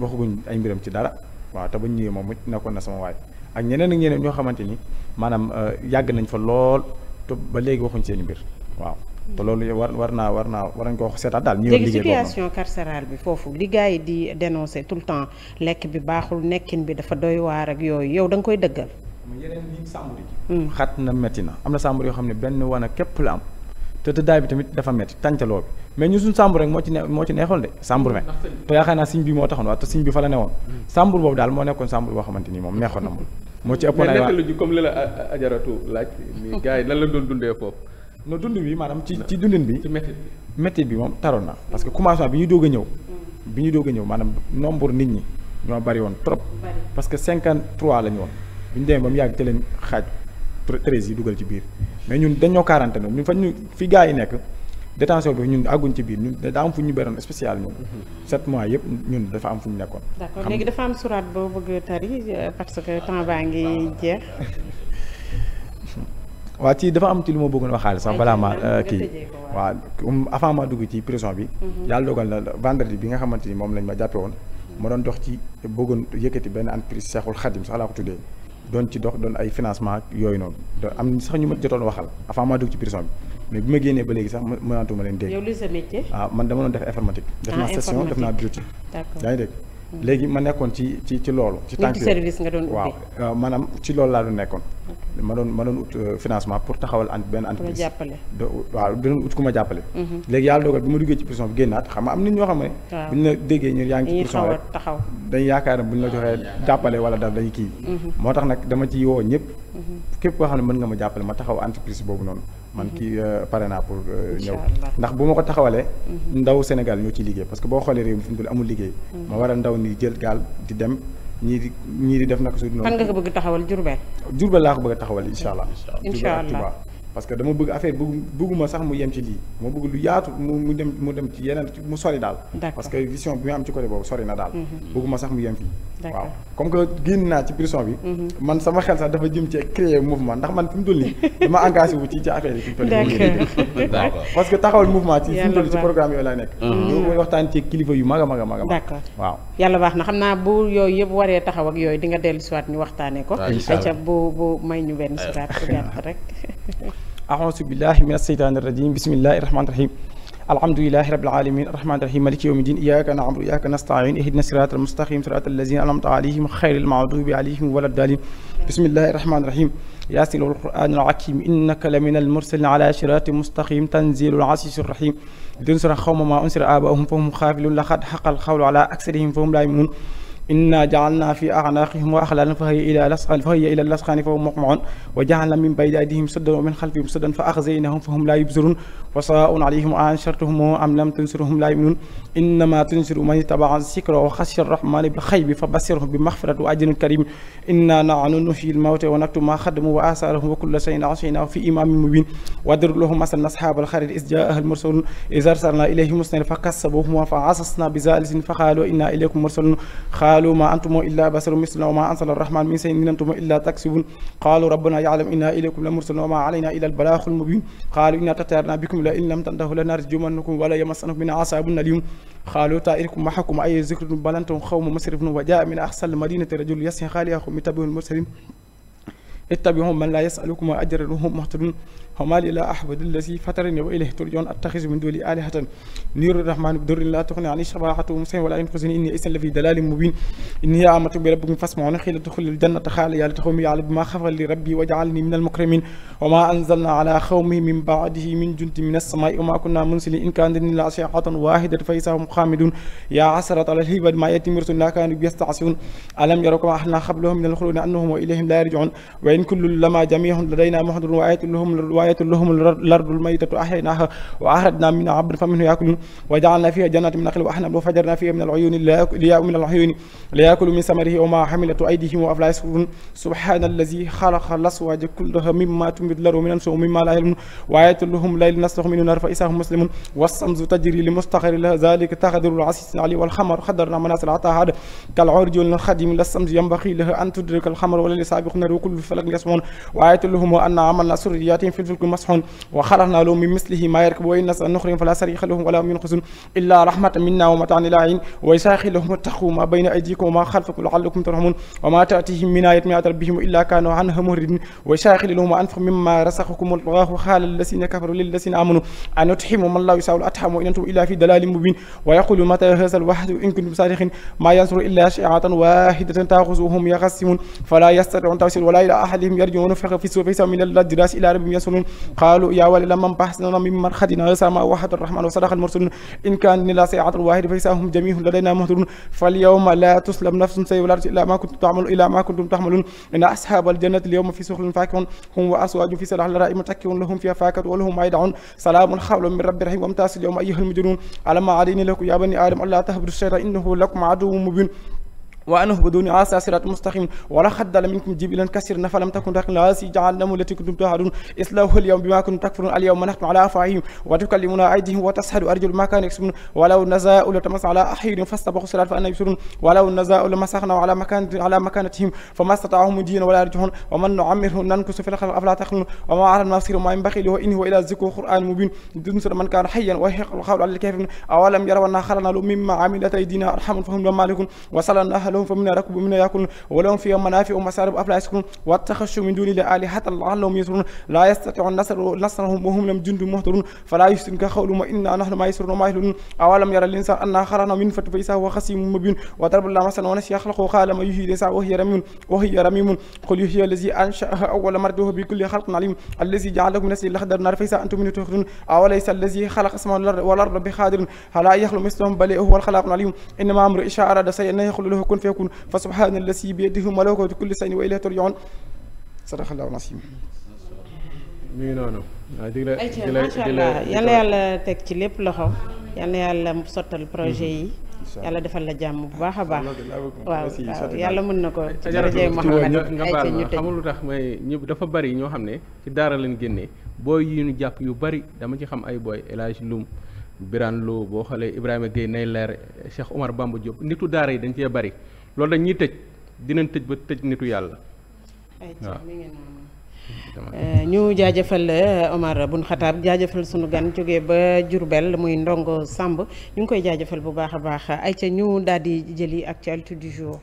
waxaguñ ay mbiram ci dara waaw te bañ ñëwee moom mu nekkoon na sama waay ak ñeneen ak ñeneen ñoo xamante ni maanaam euh, yàgg nañ fa lool te ba léegi waxuñ seen mbir waaw. te loolu war war naa war naa war nañ ko wax seetaat daal. ñi yor liggéey situation carcérale bi foofu li yi di dénoncer tout le temps lekk bi baaxul nekkin bi dafa doy waar ak yooyu yow da nga koy dëggal. yeneen yi sàmbur yi. Hmm. xat na métti na am na sàmbur yoo xam ne benn wana képp la am. te tëddaay bi tamit dafa métti tàncaloo bi mais ñu suñ sàmbur rek moo ci ne moo ci neexoon de sàmbur me te yaakaar naa siñ bi moo taxoon waaw te siñ bi fa la newoon hmm. sàmbur boobu daal moo nekkoon sàmbur boo xamante nii moom neexoon na moom moo ci ëppoon ay mais comme li la ajaratu laaj mi gars yi lan la doon dundee foofu no dund bi maanaam ci ci dundin bi métti bi moom taroon na parce que commencement bi ñu doog a ñëw hmm. bi ñu doog a ñëw maanaam nombre nit ñi ñoo bari woon trop parce que cinquante trois la ñu woon bi ñu demee ba mu yàgg te leen xaaj treize yi dugal ci biir mais ñun dañoo quarantaine ñun fa ñu fi gars yi nekk détention bi ñun àgguñ ci biir ñun daa am fu ñu beroon spécial ñun. Mhm. mois yëpp ñun dafa am fu ñu nekkoon. d'accord léegi dafa am suraat boo bëgg tari parce que temps baa ngi jeex. [LAUGHS] waaw ci dafa am ci li ma bëggoon waxaale sax balaa ma euh, kii waaw comme avant dugg ci prison bi. Mhm. yàlla dogal na vendredi bi nga xamante ni moom lañ ma jàppe woon. ma doon dox ci bëggoon yëkkati benn entreprise Seexul Xadim sax laa ko tuddee. doon ci dox doon ay financement ak yooyu noonu am na sax ñu ma jotoon waxal avant maa dugg ci prison bi mais bi ma génnee ba léegi sax mënaatuma leen dégg. yow li sa métier. ah man dama doon def informatique. Ah, def naa session def naa beauty. d'accord dégg. Hmm. léegi ma nekkoon ci ci ci loolu. ci tànk service doon waaw euh, maanaam ci loolu laa doon nekkoon. ma doon ma doon ut euh, financement pour taxawal ant benn entreprise waaw doon ut ku ma jàppale mhm. léegi yàlla dogal bi ma duggee ci prison bi génnaat xam nit ñoo xam ne bu ñu la déggee ñu yaa ngi ci prison rek taxaw yaakaar ne bu ñu la joxee jàppale wala dara dañ kii mhm. moo tax nag dama ci woo ñëpp mhm. képp koo xam ne mën nga ma jàppale ma taxaw entreprise boobu noonu man kii euh, pare naa pour euh, ñëw ndax bu ma ko taxawalee ndaw Sénégal ñoo ci liggéey parce que boo xoolee mu amul liggéey ma war a ndaw ni jël nii di ñii di def naka su. fan nga ko bëgg taxawal Diourbel. Diourbel laa ko bëgg taxawal incha allah. incha allah Diourbel ak parce que dama bëgg affaire bëgg bëgguma sax mu yem ci lii ma bëgg lu yaatu mu mu dem mu dem ci yeneen mu sori daal parce que vision bi ma am ci côté boobu sori na daal mhm. bëgguma sax mu yem fii waaw comme que génn naa ci prison bi mhm. man sama xel sax dafa jëm ci créer mouvement ndax man fi mu toll nii dama engagé wu ci ci affaire yi fi mu toll nii [LAUGHS] que taxawal mu toll ci programme yooyu lay nekk ñoo mhm. koy waxtaan ci kilifa a mag a waaw yàlla baax na xam naa bu yooyu yëpp waree taxaw ak yooyu di nga dellu siwaat ñu waxtaane ko ayca bu bu may ñu benn siwaat rek [LAUGHS] ahousubillahi min asheytaani irajim bismillahi rahmani rahim alhamdulilahi rabil alamin arahmani rahim maliki yawmi din iyaka na'budu wa iyaka nasta'in ihdina sirata almustaqim sirata allazina an'amta alayhim xayril maghdubi alayhim wala dalin bismillahi rahmani rahim yasin alquran alhakim innaka lamina almursalin ala sirati mustaqim tanzilu alasisu rahim din sura xawma ma unsira abahum fahum xaafilun laqad xaqal xawlu ala aksarihim fahum laa yu'minun inna jaalna fi a'naqihim wa axlaalan fa hiya ila lasqan fa hiya ila lasqani fa hum muqmahun wa jaalna min bayni aydihim saddan wa min xalfihim saddan fa axzaynahum fa hum laa yubsirun wa saa'un alayhim a anshartahum am lam tunzirhum laa yu'minun innama tunziru man ittaba'a zikra wa xashiya arrahmani bil xaybi fa bassirhu bi maxfirati wa ajrin karim inna nahnu nuhyil mawta wa naktubu ma xaddamu wa asaarahum wa kulla shay'in ahsaynaahu fi imaamin mubin wadrib lahum masalan ashaabal xariir iz jaa'ahal mursaluun iz arsalnaa ilayhim musnada fa kazzabuuhumaa fa asasnaa bi saalisin fa qaaluu inna ilaykum mursaluun qaalu ma antuma illa basaru misluna wa ma ansala arrahman min sayin in antuma illa taksibun qaalu rabbana yaalam inna ilaykum la mursaluna wa ma alayna illa albalaaxul mubin qaalu inna tataarna bikum la in lam tantahu la narjumannakum wala yamasanakum min asaabun alim qaalu taairukum maxakum ay zikrum balantum xawma masrifun wa jaa min axsal madinati rajul yasin xaaliyahu mi tabiul mursalin ittabihu man la yasalukum ajran wa hum muhtadun وما لي لا أعبد الذي فطرني وإليه ترجعون أتخذ من دوني آلهة نير الرحمن بضر لا تغني عني شفاعتهم شيئا ولا ينقذني إني إذا لفي ضلال مبين إني آمنت بربكم فاسمعون قيل ادخل الجنة قال يا لتقوم يعلم ما خف لربي واجعلني من المكرمين وما أنزلنا على قومه من بعده من جند من السماء وما كنا منزلين إن كان إلا صيحة واحدة فإذا هم خامدون يا عسرة على الهبة ما يتم رسلنا كانوا يستعصون ألم يركم أحنا قبلهم من الخلود أنهم وإليهم لا يرجعون وإن كل لما جميع لدينا محضر وآية لهم الرواية baytun lahumul lardul maytatu ahyaynaha wa akhrajna minha abdan faminhu yakulun wa ja'alna fiha jannatin min nakhil wa ahnab wa fajarna fiha min al-uyuni liyaa'u min al-uyuni liyakulu min samarihi wa ma hamilatu aydihim wa afla yasfurun subhanallazi khalaqa al-azwaja kullaha mimma tunbitu al-ardu min an-nutfati mimma la ya'lamun wa ayatun lahumul laylu naslukhu minhu an-nahara fa idha hum muslimun was-shamsu tajri li mustaqarrin laha dhalika taqdirul 'azizul 'alim wal qamara qaddarna manazila hatta aada kal-'urjun jol xadim la samsi yanbaghi laha an tudrika al-qamara wa la saabiqun wa kullu falak yasmun wa ayatun lahum anna 'amalna surriyatin fil الفلك المسحون وخلقنا له من مثله ما يركب وإن نخرج فلا صريخ لهم ولا هم ينقصون إلا رحمة منا ومتاعا إلى حين ويساخ لهم اتقوا ما بين أيديكم وما خلفكم لعلكم ترحمون وما تأتيهم من آية من ربهم إلا كانوا عنها مهردين ويساخ لهم أنفقوا مما رزقكم الله وخال الذين كفروا للذين آمنوا أن تحموا من لا يساوي الأتحم وإن أنتم إلا في دلال مبين ويقول متى هذا الوحد إن كنتم صادقين ما ينصر إلا شيعة واحدة تأخذهم يخصمون فلا يستطيعون توصيل ولا إلى أحدهم يرجعون في السوء من الدراس إلى ربهم يسرون المحسنين قالوا يا ولي لمن بحسنا من مرحتنا سما واحد الرحمن وصدق المرسلين إن كان لا سيعة الواحد فيساهم جميع لدينا مهدرون فاليوم لا تسلم نفس سيء ولا إلا ما كنتم تعملون إلا ما كنتم تعملون إن أصحاب الجنة اليوم في سخل فاكهون هم وأزواج في سلح الرائم متكئون لهم فيها فاكهة ولهم ما يدعون سلام حول من رب رحيم وامتاز اليوم أيها المجنون على ما عليني لكم يا بني آدم ألا تهبروا الشيطان إنه لكم عدو مبين wa an uhbuduni asa sirat mustaqim wala xaddala minkum jibilan kasir na falam takun raqilan asi jaalnamu lati kuntum tahadun islahu alyawm bima kuntum takfurun alyawma nahnu ala afahim wa tukallimuna aydihim wa tashhadu arjulu ma kanu yaksibun walaw nazaa'u latamas ala ahyurin fastabaqu sirat fa anna yubsirun walaw nazaa'u lamasakhna ala makan ala makanatihim fama stata'u mudiyan wala yarjihun wa man nu'ammirhu nankusu fil khalqi afala taqilun wa ma ala nafsihi ma yanbaghi lahu in huwa illa dhikrun qur'anun mubin tunzir man kana hayyan wa yahiqu alqawlu ala alkafirin awalam yaraw anna khalaqna lahum mimma amilat aydina arhamun fahum la malikun wa salallahu لهم فمنها ركب ومنها يأكلون ولهم فيها منافع ومشارب أفلا يشكرون واتخذوا من دون الله آلهة لعلهم ينصرون لا يستطيعون نصر نصرهم وهم لهم جند مهتدون فلا يحزنك قولهم إنا نحن مايسرون وماهلون أولم يرى الإنسان أنا خلقنا من فتح فإذا هو خصيم مبين وضرب الله مثلا ونسي خلقه قال ما يحيي الإنسان وهي رميم وهي رميم قل يحيي الذي أنشأها أول مرة وهو بكل خلق عليم الذي جعل لكم من نسل الأخضر نار فإذا أنتم منه تخرجون أوليس الذي خلق السماوات والأرض بقادر على يخلق مثلهم بل هو الخلاق العليم إنما أمر إشاء أراد سيئا يخلق له كن في yakun fa subhaana allasi bi yadihi malakutu kulli shay'in wa ilayhi turja'un sadaqallahu al-azim mi ngi noonu ayca macha allah yal yàlla teg ci lépp loxo yal na yàlla sottal projet yi mm-hmm. yàlla defal la jàmm bu baax a baax waaw yàlla mën na ko ci daraje Muhammad xamul lu tax may ñëpp dafa bari ñoo xam ne ci daara leen génne booy yi ñu jàpp yu bari dama ci xam ay booy El Hadj Loum loo boo xoolee Ibrahima Gueye nay leer Cheikh Omar Bamba Diop nitu daara yi dañ cee bari loolu dañ ñuy tëj dinañ tëj ba tëj nitu yàlla waaw euh, ñu jaajëfal euh, Omar bun Xataab jaajëfal suñu gan jóge ba Jurbel muy Ndongo Samb ñu ngi koy jaajëfal bu baax a baax ay ca ñu daal di jëli actualité du jour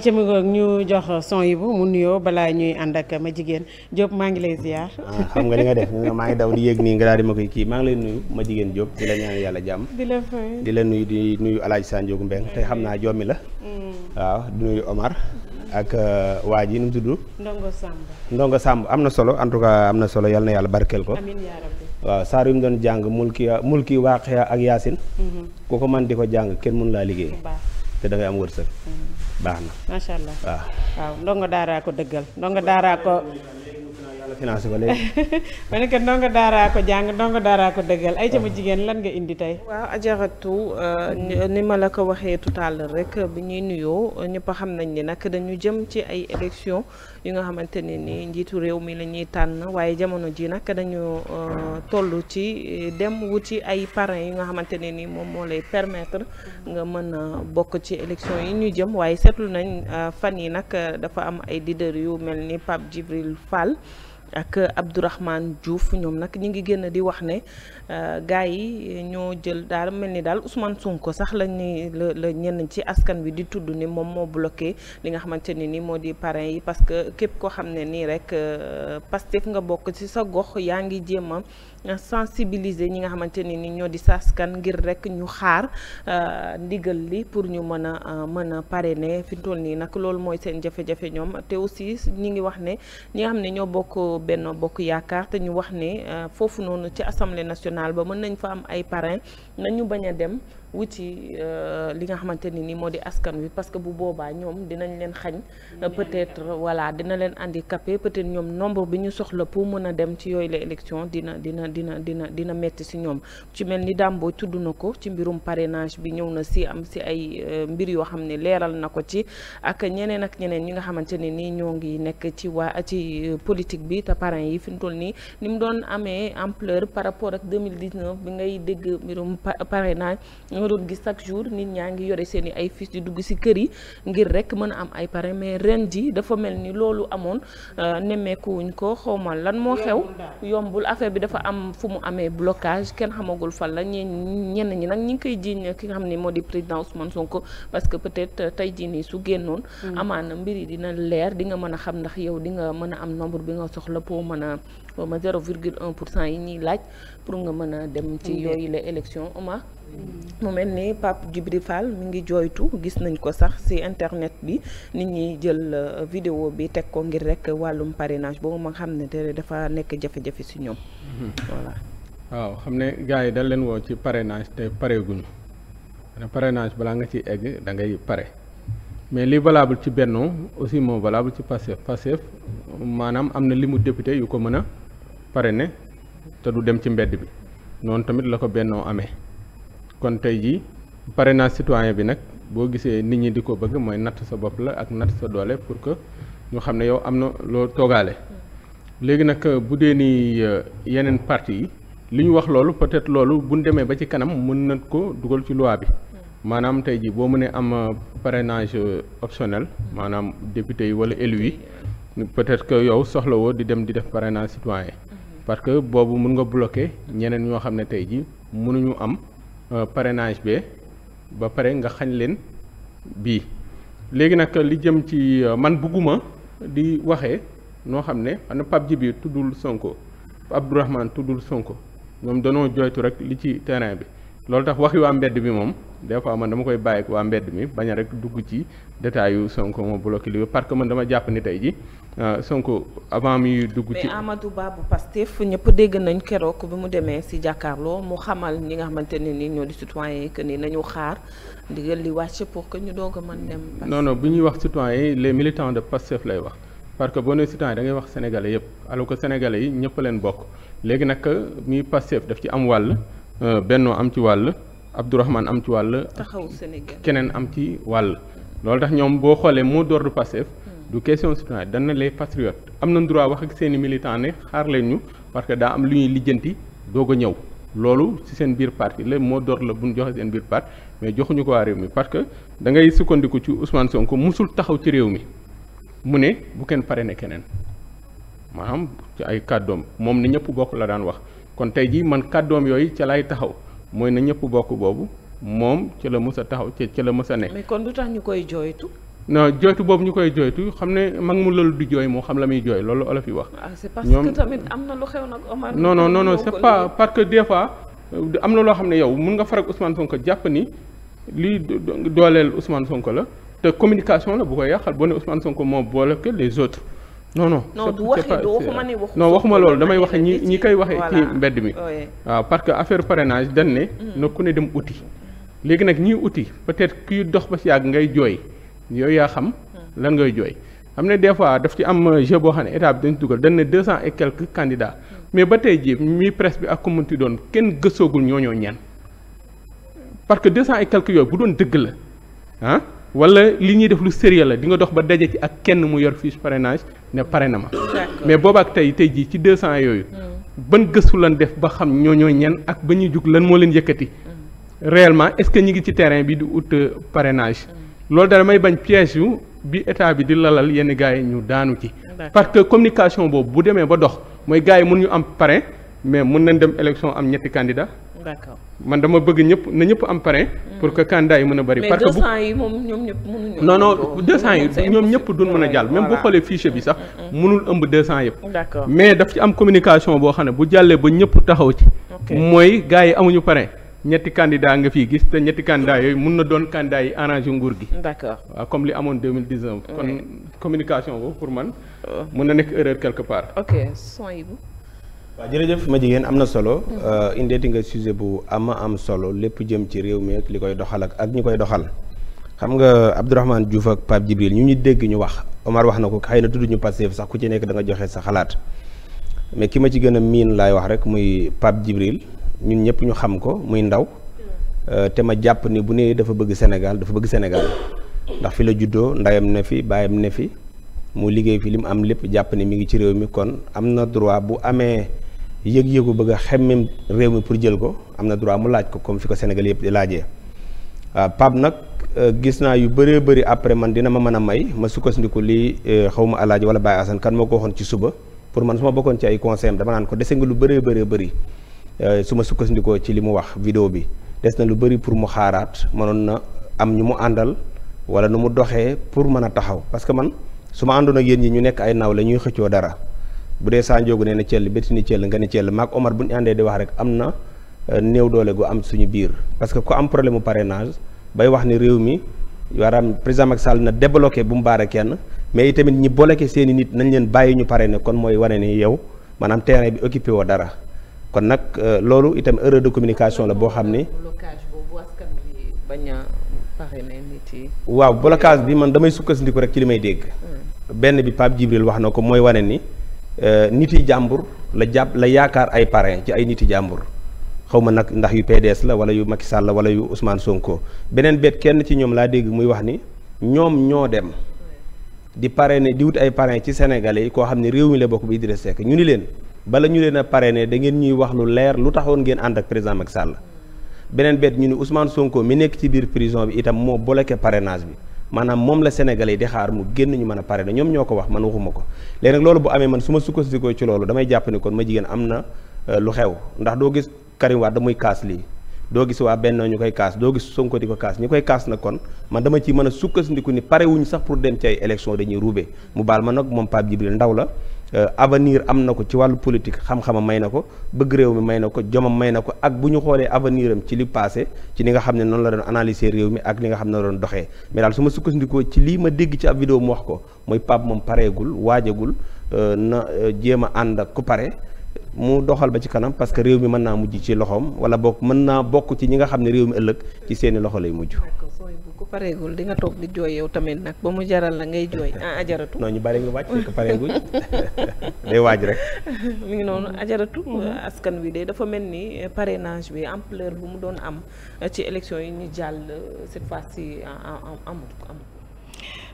ay ca mi ngoog ñu jox son yi bu mu nuyoo balaa ñuy ànd ak ma jigéen Diop maa ngi lay ziar. Ah, xam nga li nga def maa ngi daw di yéeg nii nga daal ma koy kii maa ngi lay nuyu ma jigéen Diop di la ñaan yàlla jàmm. di la nuyu di nuyu El Hadj Sanjoogu Mbeng tey xam naa jommi la. Mm. waaw di nuyu Omar. ak euh, waa ji nu mu tudd. Ndongo Samb. am na solo en tout cas am na solo yàlla na yàlla barkeel ko. amiin yaa rabbi. waaw saar yu mu doon jàng mulki euh, mulki waaqiya ak yaasin. Mm-hmm. ku ko man di ko jàng kenn mënu laa liggéey. te am wërsëg. Mm. baax na macha allah waaw waaw ndongo daaraa ko dëggal ndongo daaraa ko financé ba léegi. [LAUGHS] ma ne ko ndongo daaraa ko jàng ndongo daaraa ko dëggal ay jama ah. jigéen lan nga indi tey. waaw ajaratu euh, ni ma la ko waxee tout à rek bi ñuy nuyoo ñëpp xam nañ ni nag dañu jëm ci ay élection yi nga xamante ne ni njiitu réew mi la ñuy tànn waaye jamono ji nag dañu euh, toll ci eh, dem ci ay parrains yi nga xamante ne ni moom moo lay permettre nga mën a bokk ci élection yi ñu jëm waaye seetlu nañ euh, fan yi nag dafa am ay leader yu mel ni Pape Djibril Fall ak Abdourahmane Diouf ñoom nag ñi ngi génn di wax ne euh, gars yi ñoo jël daal mel ni daal Ousmane Sonko sax lañ ni la la ñenn ci askan wi di tudd ni moom moo bloqué li nga xamante ni nii moo di parrain yi parce que képp koo xam ne nii rek euh, Pastef nga bokk ci sa gox yaa ngi jéemam Euh, sensibiliser ñi nga xamante ni ñoo di saskan ngir rek ñu xaar euh, ndigal li pour ñu mën a euh, mën a parrainer fi mu nii nag loolu mooy seen jafe-jafe ñoom te aussi ñi ngi wax ne ñi nga xam ne ñoo bokk benn bokk yaakaar te ñu wax ne foofu noonu ci assemblée nationale ba mën nañ fa am ay parrain nañu bañ a dem. wuti euh, li nga xamante ni nii moo di askan wi parce que bu boobaa ñoom dinañ leen xañ peut-être voilà dina leen handicapé peut-être ñoom nombre bi ñu soxla pour mën a dem ci yooyu la élection dina dina dina dina dina metti si ñoom ci mel ni dàmboo tudd na ko ci mbirum parrainage bi ñëw na si am si ay euh, mbir yoo xam ne leeral na ko ci ak ñeneen ak ñeneen ñi nga xamante ne nii ñoo ngi nekk ci waa ci euh, politique bi te parrain yi fi mu toll nii ni mu doon amee empleur par rapport ak 2019 bi ngay dégg mbirum parrainage ñoo gis chaque jour nit ñaa ngi yore seen ay fiches di dugg si kër yi ngir rek mën a am ay parrain ren ji dafa mel ni loolu amoon euh, nemmeeku wuñ ko xawma lan moo xew yombul affaire bi dafa am fu mu amee blocage kenn xamagul fan la ñeen ñenn ñi nag ñi ngi koy jiiñ ki nga xam ne moo di président Ousmane Sonko parce que peut-être euh, tey jii nii su génnoon mm. amaana mbir yi dina leer di nga mën a xam ndax yow di nga mën a am nombre bi nga soxla pour mën a xawma zéro virgule un pour cent yi ñuy laaj pour nga mën a dem ci yooyu la élection Omar mu mel ni Pape Djibril Fall mi ngi jooytu gis nañ ko sax ci internet bi nit ñi jël euh, vidéo bi teg ko ngir rek wàllum parrainage boobu ma xam ne dafa nekk jafe-jafe ci ñoom. Mhm. waaw xam ne gars yi dañ leen woo ci parenage te pareeguñu parrainage balaa nga ci egg da pare mais li valable ci Benno aussi moo valable ci Pastef Pastef maanaam am na li mu député yu ko mën a parrainer te du dem ci mbedd bi noonu tamit la ko bennoo amee. kon tey jii parrainage citoyen bi nag boo gisee nit ñi di ko bëgg mooy natt sa bopp la ak natt sa doole pour que ñoo xam ne yow am na loo toogaale. léegi nag euh, bu dee ni euh, yeneen parti yi li ñu wax loolu peut-être loolu bu ñu demee ba ci kanam mën na ko dugal ci loi bi. maanaam tey jii boo mënee am euh, parrainage optionnel maanaam député yi wala élu yi peut-être que yow soxlawoo di dem di def parrainage citoyen parce que boobu mun nga bloquer ñeneen ñoo xam ne tey jii mënuñu am. Euh, parenage be ba pare nga xañ leen bi léegi nag li jëm ci euh, man bugguma di waxe noo xam ne xam ne Pape Djibril tuddul Sonko Abdourahmane tuddul Sonko ñoom danoo joytu rek li ci terrain bi loolu tax waxi waa mbedd mi moom des fois man dama koy bàyyi waa mbedd mi bañ a rek dugg ci détails yu Sonko moo bloqué li parce que man dama jàpp ni tey ji euh, Sonko avant mi dugg ci. mais Amadou Ba bu ñëpp dégg nañ keroog bi mu demee si jàkkaarloo mu xamal ñi nga xamante ne ni ñoo di citoyen yi que ni nañu xaar ndigal li wàcc pour que ñu doog a mën dem. non non ñuy wax citoyen yi les militants de Pastef lay wax. parce que boo nee citoyen da ngay wax sénégalais yëpp alors que sénégalais yi ñëpp leen bokk léegi nag euh, mi Pastef daf ci am wàll. Euh, Bennoo am ci wàll Abdourahmane am ci wàll. taxaw Sénégal keneen am ci wàll. loolu tax ñoom boo xoolee moo door d'ordre Pastef hmm. du question citoyen dana les patriotes am na droit wax ak seen i militants ne xaar leen ñu parce que daa am lu ñuy lijjanti doog a ñëw loolu ci seen biir parti la mot d'ordre la bu joxe seen biir parti mais joxuñu ko waa réew mi parce que da ngay sukkandiku ci Ousmane Sonko mosul taxaw ci réew mi mu ne bu kenn pare ne keneen maanaam ci ay kàddoom moom ni ñëpp bokk la daan wax. kon tey jii man kàddoom yooyu ca lay taxaw mooy na ñëpp bokk boobu moom ca la mës taxaw ca ca la mës ne kon lu tax ñu koy jooytu. non jooytu boobu ñu koy jooytu xam ne mag mu loolu du jooy moo xam la muy jooy loolu olof yi wax. ñoom ah, c'est parce que tamit am na lu xew nag Omar. non non non c'est pas parce que des fois euh, am na loo xam ne yow mun nga farak Ousmane Sonko jàpp ni lii dooleel Ousmane Sonko la te communication la bu ko yàqal boo ne Ousmane Sonko moom boole que les autres. noonu non non du wax du waxuma ne loolu damay wax ñi ñi koy waxee ci mbedd mi waaw parce que affaire parrainage dañ ne mm. na ku ne dem uti léegi nag ñii uti peut-être kuy dox ba si yàgg ngay jooy yooyu yaa xam mm. lan ngay jooy am ne des fois daf ci am euh, jeu boo xam ne état bi dañ dugal dañ ne deux cent et quelques candidats mm. mais ba tey jii mi presse bi ak communauté doon kenn gëstoogul ñooñoo ñan parce que deux cent et quelques yooyu bu doon dëgg la ah wala li ñuy def lu sérieux la di nga dox ba daje ci ak kenn mu yor fiche parrainage ne pare na ma mais boobaak tey tey jii ci deux cent yooyu hmm. ban gëstu lan def ba xam ñoo ñen ak ba ñuy jug lan moo leen yëkkati hmm. réellement est-ce que ñi ngi ci terrain bi di ut euh, parrainage hmm. loolu dara may bañ piège yu bi état bi di lalal yenn gars yi ñu daanu ci parce que communication boobu bu demee ba dox mooy gars yi mën ñu am parrain mais mën nañ dem élection am ñetti candidat d'accord man dama bëgg ñëpp na ñëpp am parrain. pour que candidat yi mën a bëri. parce que bu mais 200 yi moom ñoom ñëpp mënuñu. non non 200 yi a jàll. même bu xoolee fichier bi sax. Mm-hmm. mënul ëmb 200 yëpp. d'accord mais daf ci am communication boo xam ne bu jàllee ba ñëpp taxaw ci. mooy gars yi amuñu parrain. ñetti candidat nga fiy gis te ñetti candidat yooyu mun na doon candidat yi arrangé nguur gi. d'accord waaw comme li amoon deux mille dix-neuf. communication boobu pour man. Euh. mun na nekk erreur quelque part. ok son yi bu waaw jërëjëf ma jigéen am na solo euh, indeeti nga sujet bu ama am solo lépp jëm ci réew mi ak li koy doxal ak ak ñi koy doxal xam nga Abdourahmane Diouf ak Pape Djibril ñu ñu dégg ñu wax Omar wax na ko xëy na tudd ñu Pastef sax ku ci nekk da nga joxe sa xalaat mais ki ma ci gën a miin laay wax rek muy Pape Djibril ñun ñëpp ñu xam ko muy ndaw euh, te ma jàpp ni bu nee dafa bëgg senegal dafa bëgg senegal ndax fi la juddoo ndayam ne fi baayam ne fi mu liggéey fi li mu am lépp jàpp ni mi ngi ci réew mi kon am na droit bu amee yëg-yëgu bëgg a xemmem réew mi pour jël ko am na droit mu laaj ko comme fi ko Sénégal yëpp di laajee waaw ah, Pape nag euh, gis naa yu bëree bëri après man dina ma mën a may ma sukkandiku lii euh, xaw ma alaaji wala Baye Assane kan moo ko waxoon ci suba pour man su ma bokkoon ci ay conseil am dama naan ko dese nga lu bëree bëree bëri euh, su ma sukkandikoo ci li mu wax vidéo bi des na lu bëri pour mu xaaraat mënoon na am ñu mu àndal wala nu mu doxee pour mën a taxaw parce que man su ma àndoon yéen ñi ñu nekk ay naaw la ñuy xëccoo dara bu dee saa njóogu nee na Thiel bétti ni Thiel nga ni Thiel maak Omar bu ñu àndee di wax rek am na euh, néew doole gu am suñu biir. parce que ku am problème mu parrainage bay wax ni réew mi waram président Macky Sall na débloqué bu mu baare kenn mais itamit ñi bloqué seeni nit nañ leen bàyyi ñu parrainé kon mooy wane ni yow maanaam terrain bi occupé woo dara kon nag euh, loolu itam erreur de communication la boo xam ni. waaw blocage bi man damay sukkandiku rek ci li may dégg. Hmm. benn bi Pape Djibril wax na ko mooy wane ni. Euh, niti jàmbur la jàpp la yaakaar ay parrain ci ay niti jàmbur xaw ma nag ndax yu PDS la wala yu Macky Sall la wala yu usmaan Sonko beneen bet kenn ci ñoom laa dégg muy wax ni ñoom ñoo dem di parrainer di wut ay parrain ci Sénégalais yi koo xam ne réew mi la bokk bi di Idrissa Seck ñu ni leen bala ñu leen a parrainer da ngeen ñuy wax lu leer lu taxoon ngeen ànd ak président Macky Sall beneen bet ñu ni Ousmane Sonko mi nekk ci biir prison bi itam moo bloqué parrainage bi. maanaam moom la sénégal yi di xaar mu génn ñu mën a pare ñoom ñoo ko wax man waxuma ko léegi nag loolu bu amee man su ma sukkandikoo ci loolu damay jàpp ni kon ma jigéen am na euh, lu xew ndax doo gis Karim Wade muy kaas lii doo gis waa benn ñu koy kaas doo gis Sonko di ko kaas ñu koy kaas na kon man dama ci mën a sukkandiku ni pare sax pour dem ci ay élection dañuy ruube mu baal ma nag moom Pape Djibril Ndaw la Euh, avenir am na ko ci wàllu politique xam-xama may na ko bëgg réew mi may na ko jomam may na ko ak bu ñu xoolee avenir am ci li passé ci li nga xam ne noonu la doon analyser réew mi ak li nga xam ne doon doxee mais daal su ma sukkandikoo ci lii ma dégg ci ab vidéo wax ko mooy Pape moom pareegul waajagul euh, na euh, jéem a ànd ak ku pare mu doxal ba ci kanam parce que réew mi mën naa mujj ci loxoom wala bokk mën naa bokk ci ñi nga xam ne réew mi ëllëg ci seeni loxo lay mujj ku pareegul di nga toog di jooy yow tamit nag ba mu jaral la ngay jooy ah ajaratu. non ñu bari nga wàcc fekk pareegul [LAUGHS] day waaj rek. mi ngi noonu mm-hmm. ajaratu. Mm-hmm. askan wi de dafa mel ni parrainage bi ampleur bu mu doon am ci élection yi ñu jàll cette fois-ci amut amut.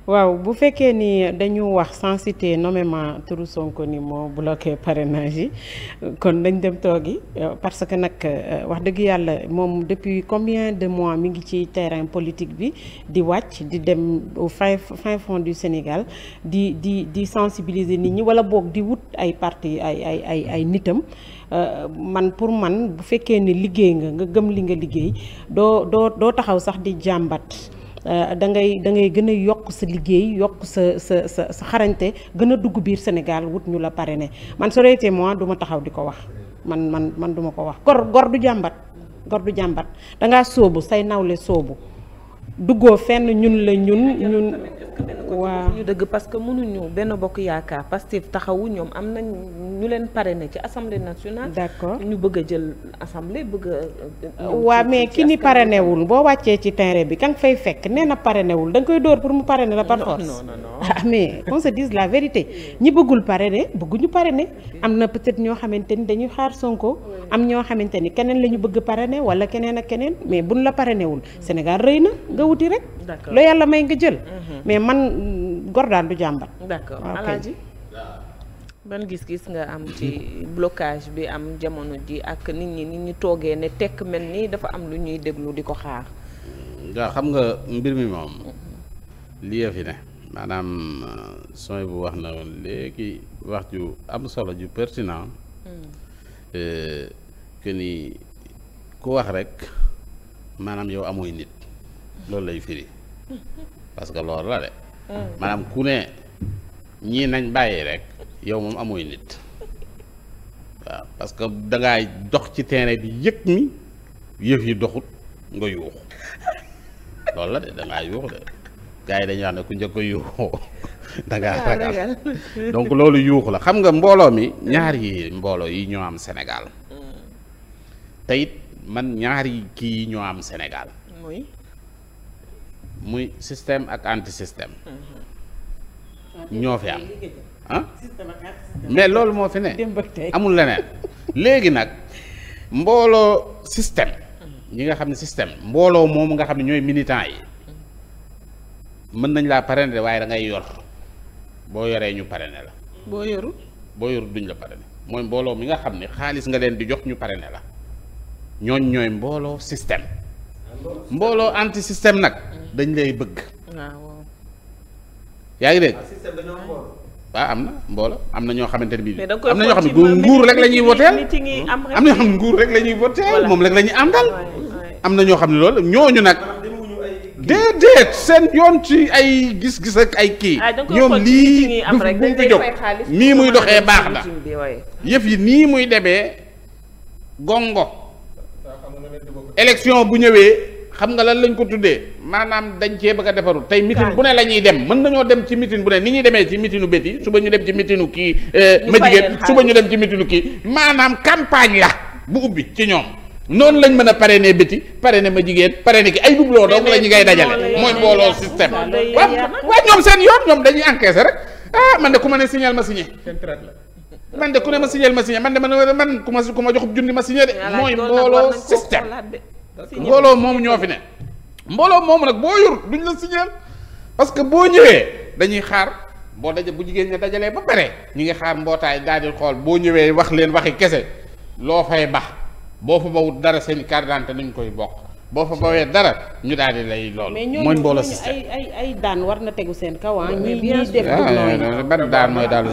waaw bu fekkee ni dañu wax sensité citer nommément Sonko ni moo bloqué parrainage kon dañ dem toogi euh, parce que nag euh, wax dëgg yàlla moom depuis combien de mois mi ngi ci terrain politique bi di wàcc di dem au fin fond du Sénégal di di di sensibiliser nit ñi wala boog di wut ay parti ay ay ay ay nitam euh, man pour man bu fekkee ni liggéey nga nga gëm li nga liggéey doo doo doo taxaw sax di jàmbat Euh, da ngay da ngay gën yokk sa liggéey yokk sa sa sa xarañte gën a dugg biir Sénégal wut ñu la pare ne man soo dee témoin du ma taxaw di ko wax man man man du ko wax gor gor du jàmbat gor du jàmbat danga soobu say nawle sóobu duggoo fenn ñun la ñun ñun waaw ñu dëgg parce que mënuñu benn bokk yaakaar Pastef taxawu ñoom am nañ ñu leen parrainé ci assemblée nationale. d'accord ñu bëgg a jël assemblée bëgg euh, waa mais ki ni parrainé wul boo wàccee ci terrain bi ka nga fay fekk nee na parrainé wul koy dóor pour mu pare parrainé la par force. non non non [LAUGHS] ah mais on se dise la vérité ñi bëggul parrainé bëgguñu ne am na peut-être ñoo xamante ni dañuy xaar Sonko. am ñoo xamante ni keneen la ñu bëgg ne wala keneen ak keneen mais buñ la parrainé wul Sénégal rëy na nga wuti rek. lu yàlla may nga jël. Mhm. mais man gor daal du jàmbat. d'accord alaaji ban gis-gis nga am ci blocage bi am jamono ji ak nit ñi nit ñi toogee ne tekk mel ni dafa am lu ñuy déglu di ko xaar. waaw xam nga mbir mi moom mhm. li fi ne maanaam euh, sooy bu wax na léegi wax ju am solo ju pertinent mhm. euh, que ku wax rek maanaam yow amuy nit loolu lay firi. parce que loolu la de. Hmm. maanaam ku ne ñii nañ bàyyi rek yow moom amuy nit waaw parce que da dox ci terrain bi yëg mi yëf yi doxut nga yuuxu loolu la de da ngaa de gars yi dañuy wax ne ku njëkk a yuuxu [LAUGHS] da ragal [LAUGHS] donc loolu yuuxu la xam nga mbooloo mi ñaar yi mbooloo yi ñoo am senegal hmm. te it man ñaari kii yi ñoo am senegal muy système ak anti système. Mm-hmm. ñoo fi am ah. mais loolu moo fi ne. amul leneen léegi nag mbooloo système. Mm-hmm. ñi nga xam ne système mbooloo moomu nga xam ne ñooy militant yi mm-hmm. mën nañ laa parrainer waaye da ngay yor boo yoree ñu pare ne la. boo yoru boo yoru duñ la parrainer mooy mbooloo mi nga xam ne xaalis nga leen di jox ñu pare ne la ñooñ ñooy mbooloo système. mbooloo anti système nag dañ lay bëgg. yaa ngi dégg. waaw ah, am na mbooloo am na ñoo xamante ne bii. am na ñoo xam ne nguur rek la ñuy woteel. am na ñoo xam ne nguur rek lañuy ñuy woteel moom rek la ñuy àndal. am na ñoo xam ne loolu ñooñu nag. déedéet seen yoon ci ay gis-gis ak ay kii. Ah, ñoom lii du bu mu jóg nii muy doxee baax na. yëf yi nii muy demee gongo. élection bu ñëwee xam nga lan lañ ko tuddee maanaam dañ cee bëgg defarul tey mitin bu ne la ñuy dem mën nañoo dem ci mitin bu ne ni ñuy demee ci mitinu béti suba ñu dem ci mitinu kii euh, ma jigéen suba ñu dem ci mitinu kii maanaam campagne la bu ubbi ci ñoom noonu lañ mën a pare parrainer béti ne ma jigéen parrainer ki ay doublon donc la ñu ngay dajale mooy mbooloo système waaw waaw ñoom seen yoon ñoom dañuy encaisser rek ah man de ku ma ne signal ma signé man de ku ne ma signé ma signé man de man man ku ma ku ma jox junni ma signé de. mooy mbooloo système mbooloo moomu ñoo fi ne. mbooloo moomu nag boo yor duñ la signé parce que boo ñëwee dañuy xaar boo daje bu jigéen ña dajalee ba pare ñu ngi xaar mbootaay daal di xool boo ñëwee wax leen waxi kese loo fay ba boo fa bawut dara seen i carte nuñ koy bokk. boo fa bawee dara ñu daal di lay loolu. mooy mbooloo système mais ay ay daan war na tegu seen kaw ah. daan mooy daal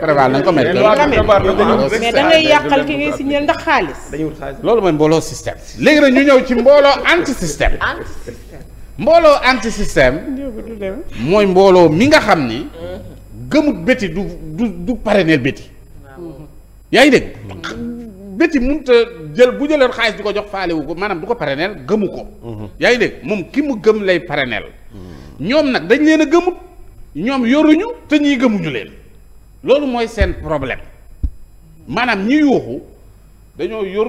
préval nañ ko mettre. mais da ngay yàqal ki ngay signé ndax xaalis. loolu mooy mbooloo système. léegi nag ñu ñëw ci mbooloo anti système. mbooloo anti système. mooy mbooloo mi nga xam ni. gëmut bëti du du du parrainer bëti. yaa ngi dégg. Mm-hmm. béti mënut a jël bu jëleen xaalis di ko jox faalewu ko maanaam du ko pare pareneel gëmu ko mhm. yaa ngi moom ki mu gëm lay pare neel mhm. ñoom nag dañ leen a gëmut ñoom yoruñu te ñii gëmuñu leen loolu mooy seen problème maanaam ñi yuuxu dañoo yor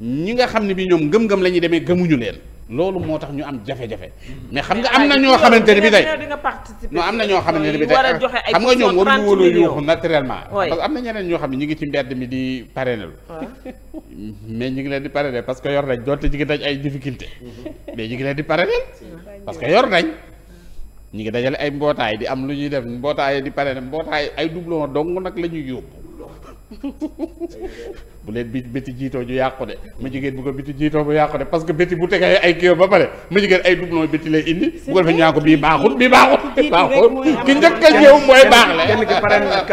ñi nga xam ne bi ñoom ngëm-ngëm la ñuy demee gëmuñu leen loolu moo tax ñu am jafe-jafe. Mm-hmm. mais xam nga am na ñoo xamante ne bi tay non am na ñoo xamante ne bi tey xam nga ñoom waruñu wóolu yuuxu naturellement. parce que am na ñeneen ñoo xam ne ñu ngi ci mbedd mi di parrainer [LAUGHS] mais ñu ngi leen di parrainer parce que yor nañ doonte ñu ngi daj ay difficulté mm-hmm. mais ñu ngi leen di parrainer [LAUGHS] parce que yor nañ. ñu ngi dajale ay mbootaay di am lu ñuy def mbootaay di parrainer mbootaay ay doublon dong nag la ñuy yóbbu. [LAUGHS] bu leen bi béti jiitoo ju yàqu de mu jigéen bu ko béti jiitoo bu yàqu de parce que béti bu tegee ay kii ba pare mu jigéen ay doublon béti lay indi bu ko defee ñaa ko bii baaxul bii baaxul baaxul ki njëkk a ñëw mooy baax la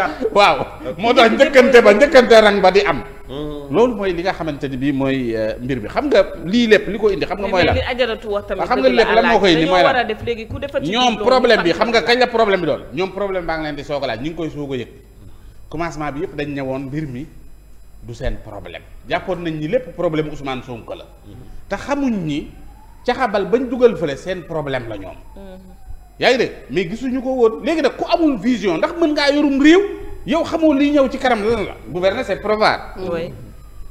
[LAUGHS] waaw moo tax njëkkante ba njëkkante rang ba di am mm. loolu mooy li nga xamante ni bii mooy euh, mbir bi xam nga lii lépp li ko indi xam nga mooy la xam nga lépp lan moo koy indi mooy la ñoom problème bi xam nga kañ la problème commencement bi yëpp dañ ñëwoon mbir mi du seen problème jàppoon nañ ni lépp problème Ousmane Sonko la. te xamuñ ni caxabal bañ dugal fële seen problème la ñoom. Mhm. yaa ngi dégg mais gisuñu ko woon léegi nag ku amul vision ndax mën ngaa yorum réew yow xamoo liy ñëw ci kanam lan la gouverner c'est prévoir.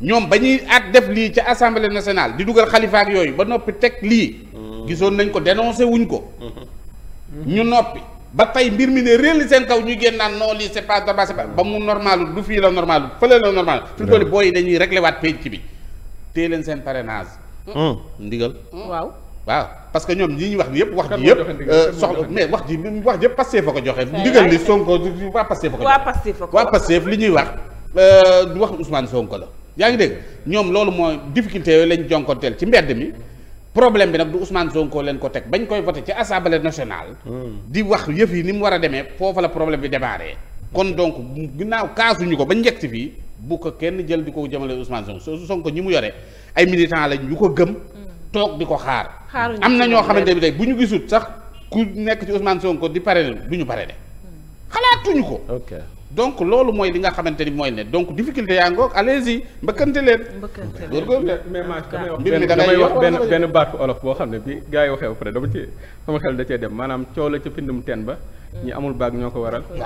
ñoom ba ñuy at def lii ca assemblée nationale di dugal xalifa yooyu ba noppi teg lii. Mhm. gisoon nañ ko dénoncé wuñ ko. Mhm. ñu noppi. ba tey mbir mi ne réel seen kaw ñu génn naan non lii c'est pas normal ba mu normalul du fii la normalul fële la normal fi mu toll booy yi dañuy réglé waat penc bi téye leen seen parrainage hmm. ndigal waaw waaw ñoom ñi ñu wax ni yëpp wax ji yëpp euh, soxla mais wax ji wax ji yëpp Pastef ko joxe ndigal li Sonko waa Pastef fa ko joxe waa Pastef li ñuy wax euh, du wax Ousmane Sonko la yaa ngi dégg ñoom loolu mooy difficulté yooyu lañ jonkonteel ci mbedd mi problème bi nag du Ousmane Sonko leen ko teg bañ koy voté ci assemblée nationale. Hmm. di wax yëf yi ni mu war a demee foofa la problème bi débarré. kon donc ginnaaw kaasuñu ko ba njëkk ci fii bu ko kenn jël di ko jëmale Ousmane Sonko Sonko ñi mu yore ay militants lañ yu ko gëm. Hmm. toog di ko xaar. am na ñoo xamante bi tey bu ñu gisut sax ku nekk ci Ousmane Sonko di pare bu ñu pare de. Hmm. xalaatuñu ko. donc loolu mooy li nga xamante ni mooy ne donc difficulté yaa ngoog allez-y mbëkkante leen. mbëkkante leen góorgóorlu mais man damay wax benn benn baatu olof boo xam ne bi gars yi waxee ba pare dama ci sama xel da cee dem maanaam coow la ca pindum teen ba. ñu amul baag ñoo ko waral. [LAUGHS] mi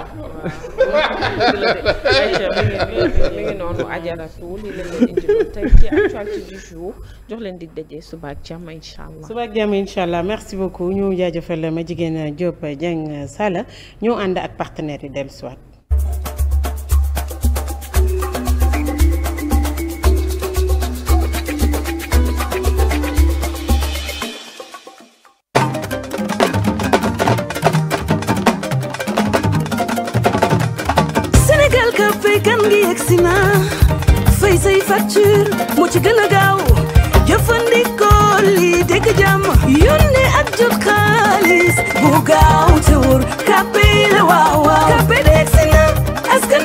ngi noonu ajaratu lii la jox leen dig daje suba ak jàmm incha allah. suba ak jàmm incha allah merci beaucoup ñu jaajëfal ma jigéen Diop Dieng Sala ñoo ànd ak partenaire yi dellusiwaat. gan gi yegsi na fay say facture moo ci gën a gaaw jëfandikoo lii dégg jàmm yónnee ak jot bu gaaw te wóor kàppe la waaw waaw kàppe de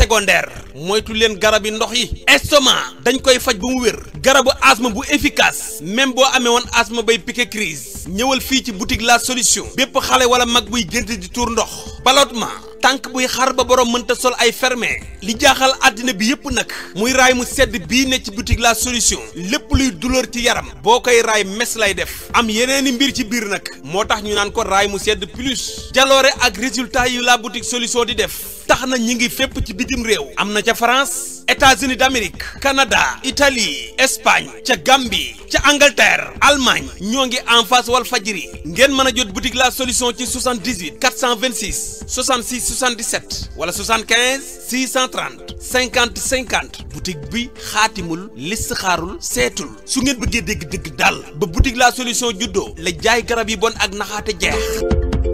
secondaire moytu leen garab yi ndox yi estomac dañ koy faj ba mu wér garabu asma bu efficace même boo amee woon asma bay piqué crise ñëwal fii ci boutique la solution bépp xale wala mag buy gént di tuur ndox ballottement tànk buy xar ba borom mënta sol ay ferme li jaaxal àddina bi yépp nag muy raay mu sedd bii ne ci boutique la solution lépp luy douleur ci yaram boo koy raay mes lay def am yeneeni mbir ci biir nag moo tax ñu naan ko raay mu sedd plus jaloore ak résultat yu la boutique solution di def tax na ñi ngi fépp ci bitim réew am na ca France États-Unis d'Amérique Canada Italie Espagne ca Gambie ca Angleterre Allemagne ñoo ngi en face Walfadjri ngeen mën a jot boutique la solution ci 78 426 66 77 wala 75 630 50 50 boutique bi xaatimul listixaarul seetul su ngeen bëggee dégg dëgg daal ba boutique la solution juddoo la jaay garab yi bon ak naxaate jeex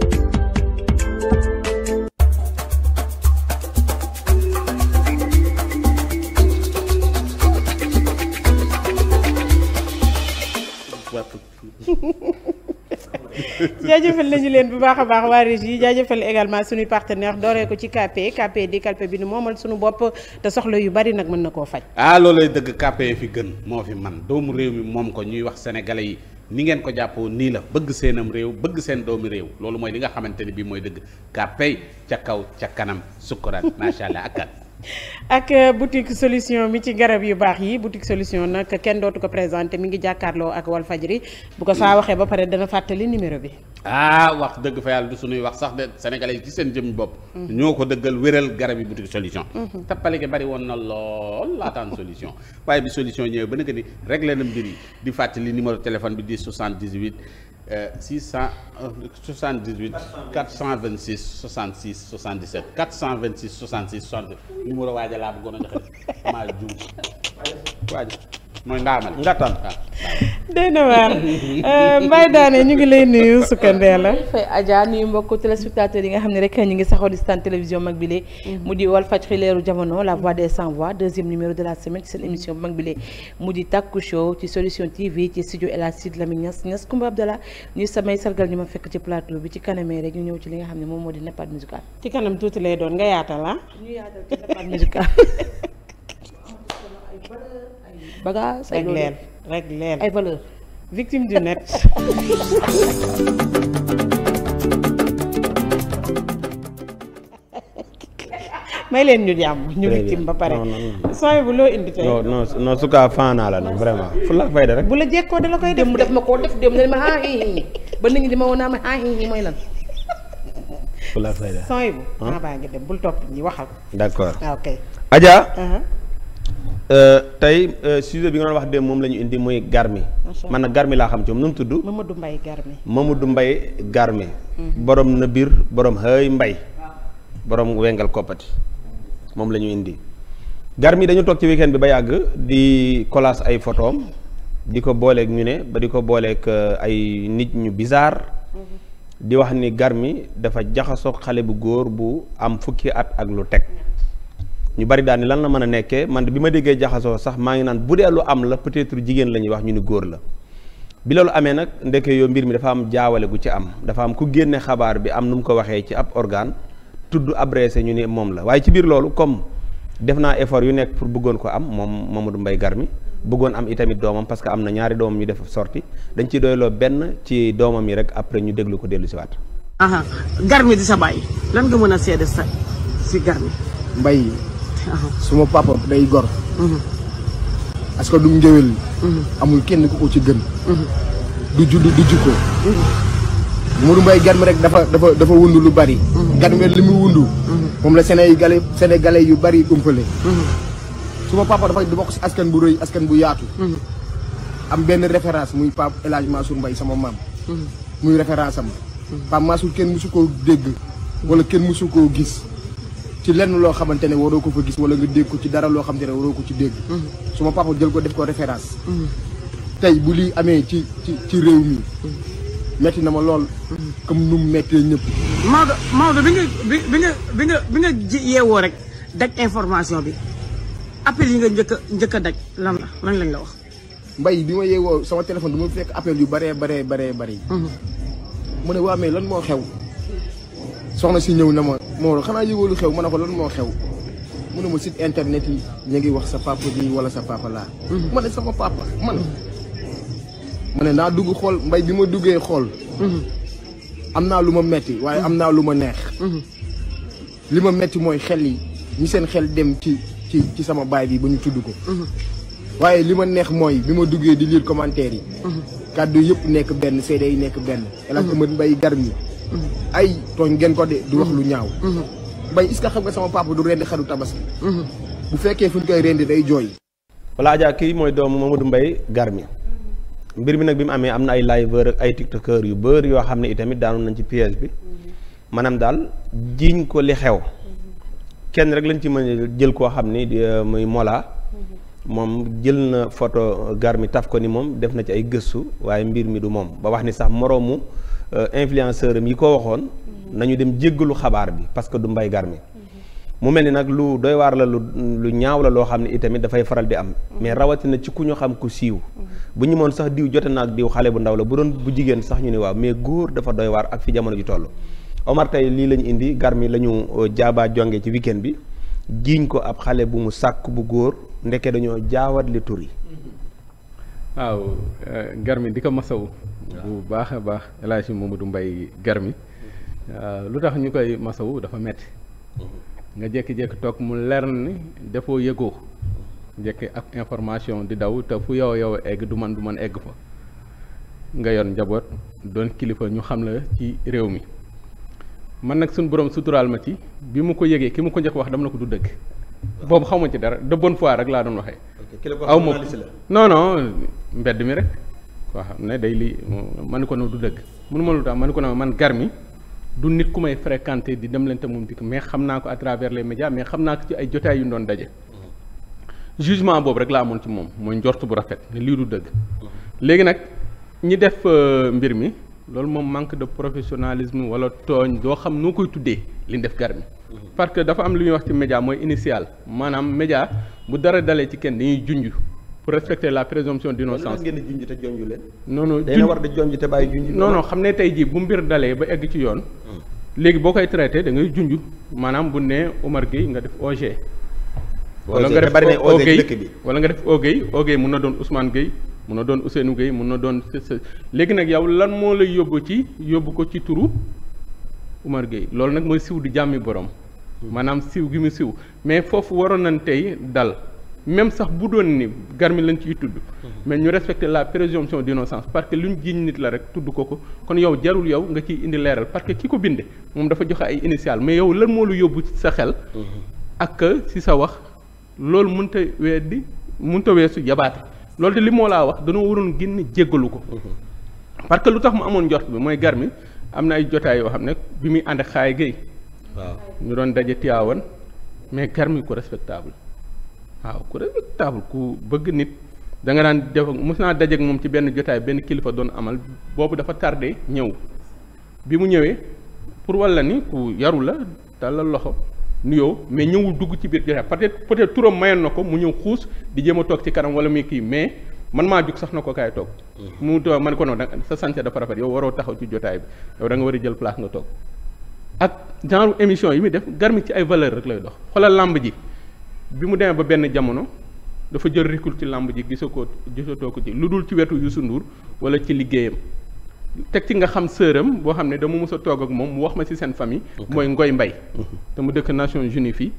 [LAUGHS] jaajëfal nañu leen bu baax a baax waa régie yi jaajëfal également suñuy partenaire dooree ko ci KP KP di kalpe bi nu moomal suñu bopp te soxla yu bari nag mën na koo faj ah loolay dëgg KP fi gën moo fi man doomu réew mi moom ko ñuy wax sénégalais yi ni ngeen ko jàppoo nii la bëgg seenam réew bëgg seen doomi réew loolu mooy li nga xamante ni bii mooy dëgg KP ca kaw ca kanam sukkuraat macha allah ak ak euh, boutique solution mi ci garab yu baax yi boutique solution nag kenn dootu ko présenté mi ngi jàkkaarloo ak ri bu ko saa waxee ba pare dana fàttali numéro bi. ah wax dëgg fa yàlla du suñuy wax sax de sénégalais yi ci seen jëm bopp. Mm-hmm. ñoo ko dëggal wéral garab yi boutique solition mm-hmm. tappale gi bari woon na lool laataan solution waaye bi solution ñëwee ba nag ni réglé na mbir yi di fàttali numéro téléphone bi di 78. six cent euh, soixante dix huit quatre cent vingt six soixante six soixante dix sept quatre cent vingt six soixante six soixante numéro waaja laa bëggoon a joxe maa juum waaja mooy ndaamal ngattan déy na waar euh, Mbaye Daane ñu ngi lay nuyu sukkandee la fay Adja nuyu mbokk téléspectateurs nga xam ne rek ñu ngi saxoo di stan télévision mag bi lee mhm. mu di Walfadjri leeru jamono la voix des sans voix deuxième numéro la semaine ci seen bi lee mu di Taku Show ci Solution ci studio El Hadj Sidi Lamine samay sargal ñu ma fekk ci plateau bi ci kanamee rek ñu ñëw li nga xam ne moom moo di nappaat musical ci kanam tuuti lay doon nga yaatal ah ñu yaatal ci nappaat musical [LAUGHS] bagage rek leen rek leen ay valeur victime du net may leen ñu jàmm ñu victime ba pare sooy bu loo indi tey non non su kaa faanaa la nag vraiment fu la fayda rek bu la jekkoo da koy def mu def ma koo def dem na ma haa hi ba nit ñi di ma woon ma haa hi mooy lan fu la fayda sooy bu maa baa ngi dem bul topp ñi waxal d'accord ah, ok Adja uh-huh. Euh, tey euh, sujet bi nga doon wax démb moom la ñu indi muy Garmi. man na Garmi laa xam ci moom nu mu tudd. Mamadou Mbaye Garmi. Mamadou Mbaye Garmi. boroom na biir borom xëy mbay. boroom wengal koppati moom la ñu indi. Garmi dañu toog ci weekend bi ba yàgg di collage ay photoom di ko booleeg ñu ne ba di ko booleek euh, ay nit ñu bizarre. Mhm. di wax ni Garmi dafa jaxasoo xale bu góor bu am fukki at ak lu teg. ñu bari daan ni lan la mën a nekkee man bi ma déggee jaxasoo sax maa ngi naan bu dee lu am la peut-être jigéen la wax ñu ni góor la bi loolu amee nag ndeke yoo mbir mi dafa am jaawale gu ci am dafa am ku génne xabaar bi am nu mu ko waxee ci ab organe tudd abressé ñu ne moom la waaye ci biir loolu comme def naa effort yu nekk pour bëggoon ko am moom Mamadou Mbaye Garmi bëggoon am itamit doomam parce que am na ñaari doomam ñu def sorti dañ ciy doyloo benn ci doomam yi après ñu déglu ko dellu si waat. Garmi di sa bàyyi lan nga mën a seede sa si Garmi. [LAUGHS] suma papa day gor. Mhm. parce que du ngéwél. Mhm. amul kenn ku ci gën. Mhm. du juddu du jikko. Modou Mbaye Garmi rek dafa dafa dafa wundu lu bari. Garmi li muy wundu. moom la Sénégalais Sénégalais yu bari umpale. suma papa dafa di bokk si askan bu rëy askan bu yaatu. am benn référence muy Pape El Hadj Mansour sama maam. muy référence am. Pape Mansour kenn mësu koo dégg. wala kenn mësu koo gis. ci lenn loo xamante ne waroo ko fa gis wala nga dégg ko ci dara loo xamante ne waroo ko ci dégg mm-hmm. ma papa jël ko def ko référence mm-hmm. tey bu lii amee ci ci ci réew mi mm-hmm. metti na ma lool comme nu mu mettee ñëpp Maodo bi nga bi nga bi nga bi yeewoo rek daj information bi appel yi nga njëkk njëkk a daj lan la lañ la wax mbay bi ma yeewoo sama téléphone du ma fekk appel yu baree baree baree bëri mu ne waa mais lan moo xew soxna si ñëw na ma moo xanaa yëgoolu xew ma ne ko lan moo xew mën ne ma sit internet yi ñu ngi wax sa papa bi wala sa papa laa mhm. ma ne sama papa man ma ne naa dugg xool mbay bi ma duggee xool mhm. am naa lu ma metti waaye am naa lu ma neex mhm. li ma metti mooy xel yi ñu seen xel dem ci ci ci sama baay bi ba ñu tudd ko waaye li ma neex mooy bi ma duggee di liir commentaire yi kàddu yëpp nekk benn seede yi nekk benn El Hadj Amadou Mbaye Garmi ay tooñ ngeen ko de. du wax lu mhm. ñaaw. Mhm. mbay est-ce que xam sama papa du rendi xaru tabaski. Mhm. bu fekkee fu ñu koy rendi day jooy. voilà Adja kii mooy doomu Mamadou Mbaye Garmi mbir mi nag bi mu amee am na ay liveur ak ay tiktokeur yu bëri yoo xam ne itamit daanu nañ ci piège bi maanaam daal jiiñ ko li xew kenn rek lañ ci ma jël koo xam ni euh, muy Mola. moom jël na photo Garmi taf ko ni moom def na ci ay gëstu waaye mbir mi du moom ba wax ni sax moroomu. Euh, influenceur am yi ko waxoon nañu dem jéggalu xabaar bi parce que du mbay garmi mu mel ni nag lu doy waar la lu lu ñaaw la loo xam ne itamit dafay faral di am mais rawatina ci ku ñu xam ku siiw bu ñu moon sax diw jote naag diw xale bu ndaw la bu doon bu jigéen sax ñu ne waaw mais góor dafa doy waar ak fi jamono ji toll Omar tey lii lañu indi garmi la ñu euh, jaabaa jonge ci weekend bi jiiñ ko ab xale bu mu sàkk bu góor ndeke dañoo jaawat li tur yi waaw euh, garmi di ko masawu bu baax a baax El Hadji Mamadou Mbaye Garmi euh, lu tax ñu koy masawu dafa metti mm-hmm. nga jékki-jékki toog mu leer ni defoo yëgoo jékki ak information di daw te fu yow yow egg du man du man egg fa nga yoon njaboot doon kilifa ñu xam la ci réew mi man nag suñu borom suturaal ma ci bi mu ko yëgee ki mu ko njëkk wax dama na ko du dëgg boobu xaw ci dara de bonne foi rek laa doon waxee aw ma non mbedd mi rek koo xam ne day li man ko no du dëgg mënu ma lu tax man ko no man Garmi du nit ku may fréquenté di dem leen te moom dikk mais xam naa ko à travers les médias mais xam naa ko ci ay jotaay yu ñu doon daje jugement boobu rek laa amoon ci moom mooy njort bu rafet ne lii du dëgg léegi nag ñi def euh, mbir mi loolu moom manque de professionnalisme wala tooñ doo xam noo koy tuddee li ñu def Garmi parce que dafa am lu ñuy wax ci média mooy initial maanaam média bu dara dalee ci kenn dañuy junj pour respecter la présomption d'innocence ngeen di junj te jonju leen non non dañ war di jonj te bàyyi junj xam ne tey jii bu mbir dalee ba egg ci yoon hmm. léegi boo koy traité da ngay junj maanaam bu ne Omar Gueye nga def ogé wala nga def OG bi wala nga def OG OG mun na doon Ousmane Gueye mun na doon Ousseynou Gueye mun na doon léegi nag yow lan moo lay yóbbu ci yóbbu ko ci turu Omar Gueye loolu nag mooy siw di jàmmi borom hmm. maanaam siw gi mu siw mais foofu waroon nañ tey dal même sax bu doon ni Garmi lañ ciy tudd mhm. mais ñu respecter la présomption d'innocence parce que lu ñu jiiñ nit la rek tudd ko ko kon yow jarul yow nga ciy indi leeral parce que ki ko binde moom dafa joxe ay initial mais yow lan moo lu yóbbu sa xel mhm. ak si sa wax loolu mun mënta weddi mënta weesu yabaate loolu de li moo laa wax dañoo waroon génn jéggalu ko mhm. parce que lu tax mu amoon jot bi mooy Garmi am na ay jotaay yoo xam ne bi muy ànd xaay géey waaw ñu doon daje Tiwaawan mais Garmi ko waaw ku taabul ku bëgg nit da nga daan def mos naa dajeeg moom ci benn jotaay benn kilifa doon amal boobu dafa tardé ñëw bi mu ñëwee pour walla ni ku yaru la dalal loxo yow mais ñëwul dugg ci biir jotaay peut-être peut-être turam mayoon na ko mu ñëw xuus di jéem a toog ci kanam walla muy kii mais man maa jug sax na ko kaay toog. Mm-hmm. mu toog man ko noonu sa santé dafa rafet yow waroo taxaw ci jotaay bi yow da nga war a jël place nga toog ak genre émission yi muy def garmi ci ay valeur rek lay dox xoolal làmb ji. bi mu demee ba benn jamono dafa jël recul ci làmb ji gisoo ko gisatoo ko ci lu dul ci wetu Youssou Ndour wala ci liggéeyam teg ci nga xam sëram boo xam ne dama mës a toog ak moom mu wax ma ci seen famille. mooy Ngoy Mbay mhm. te mu dëkk Nations Unies fii.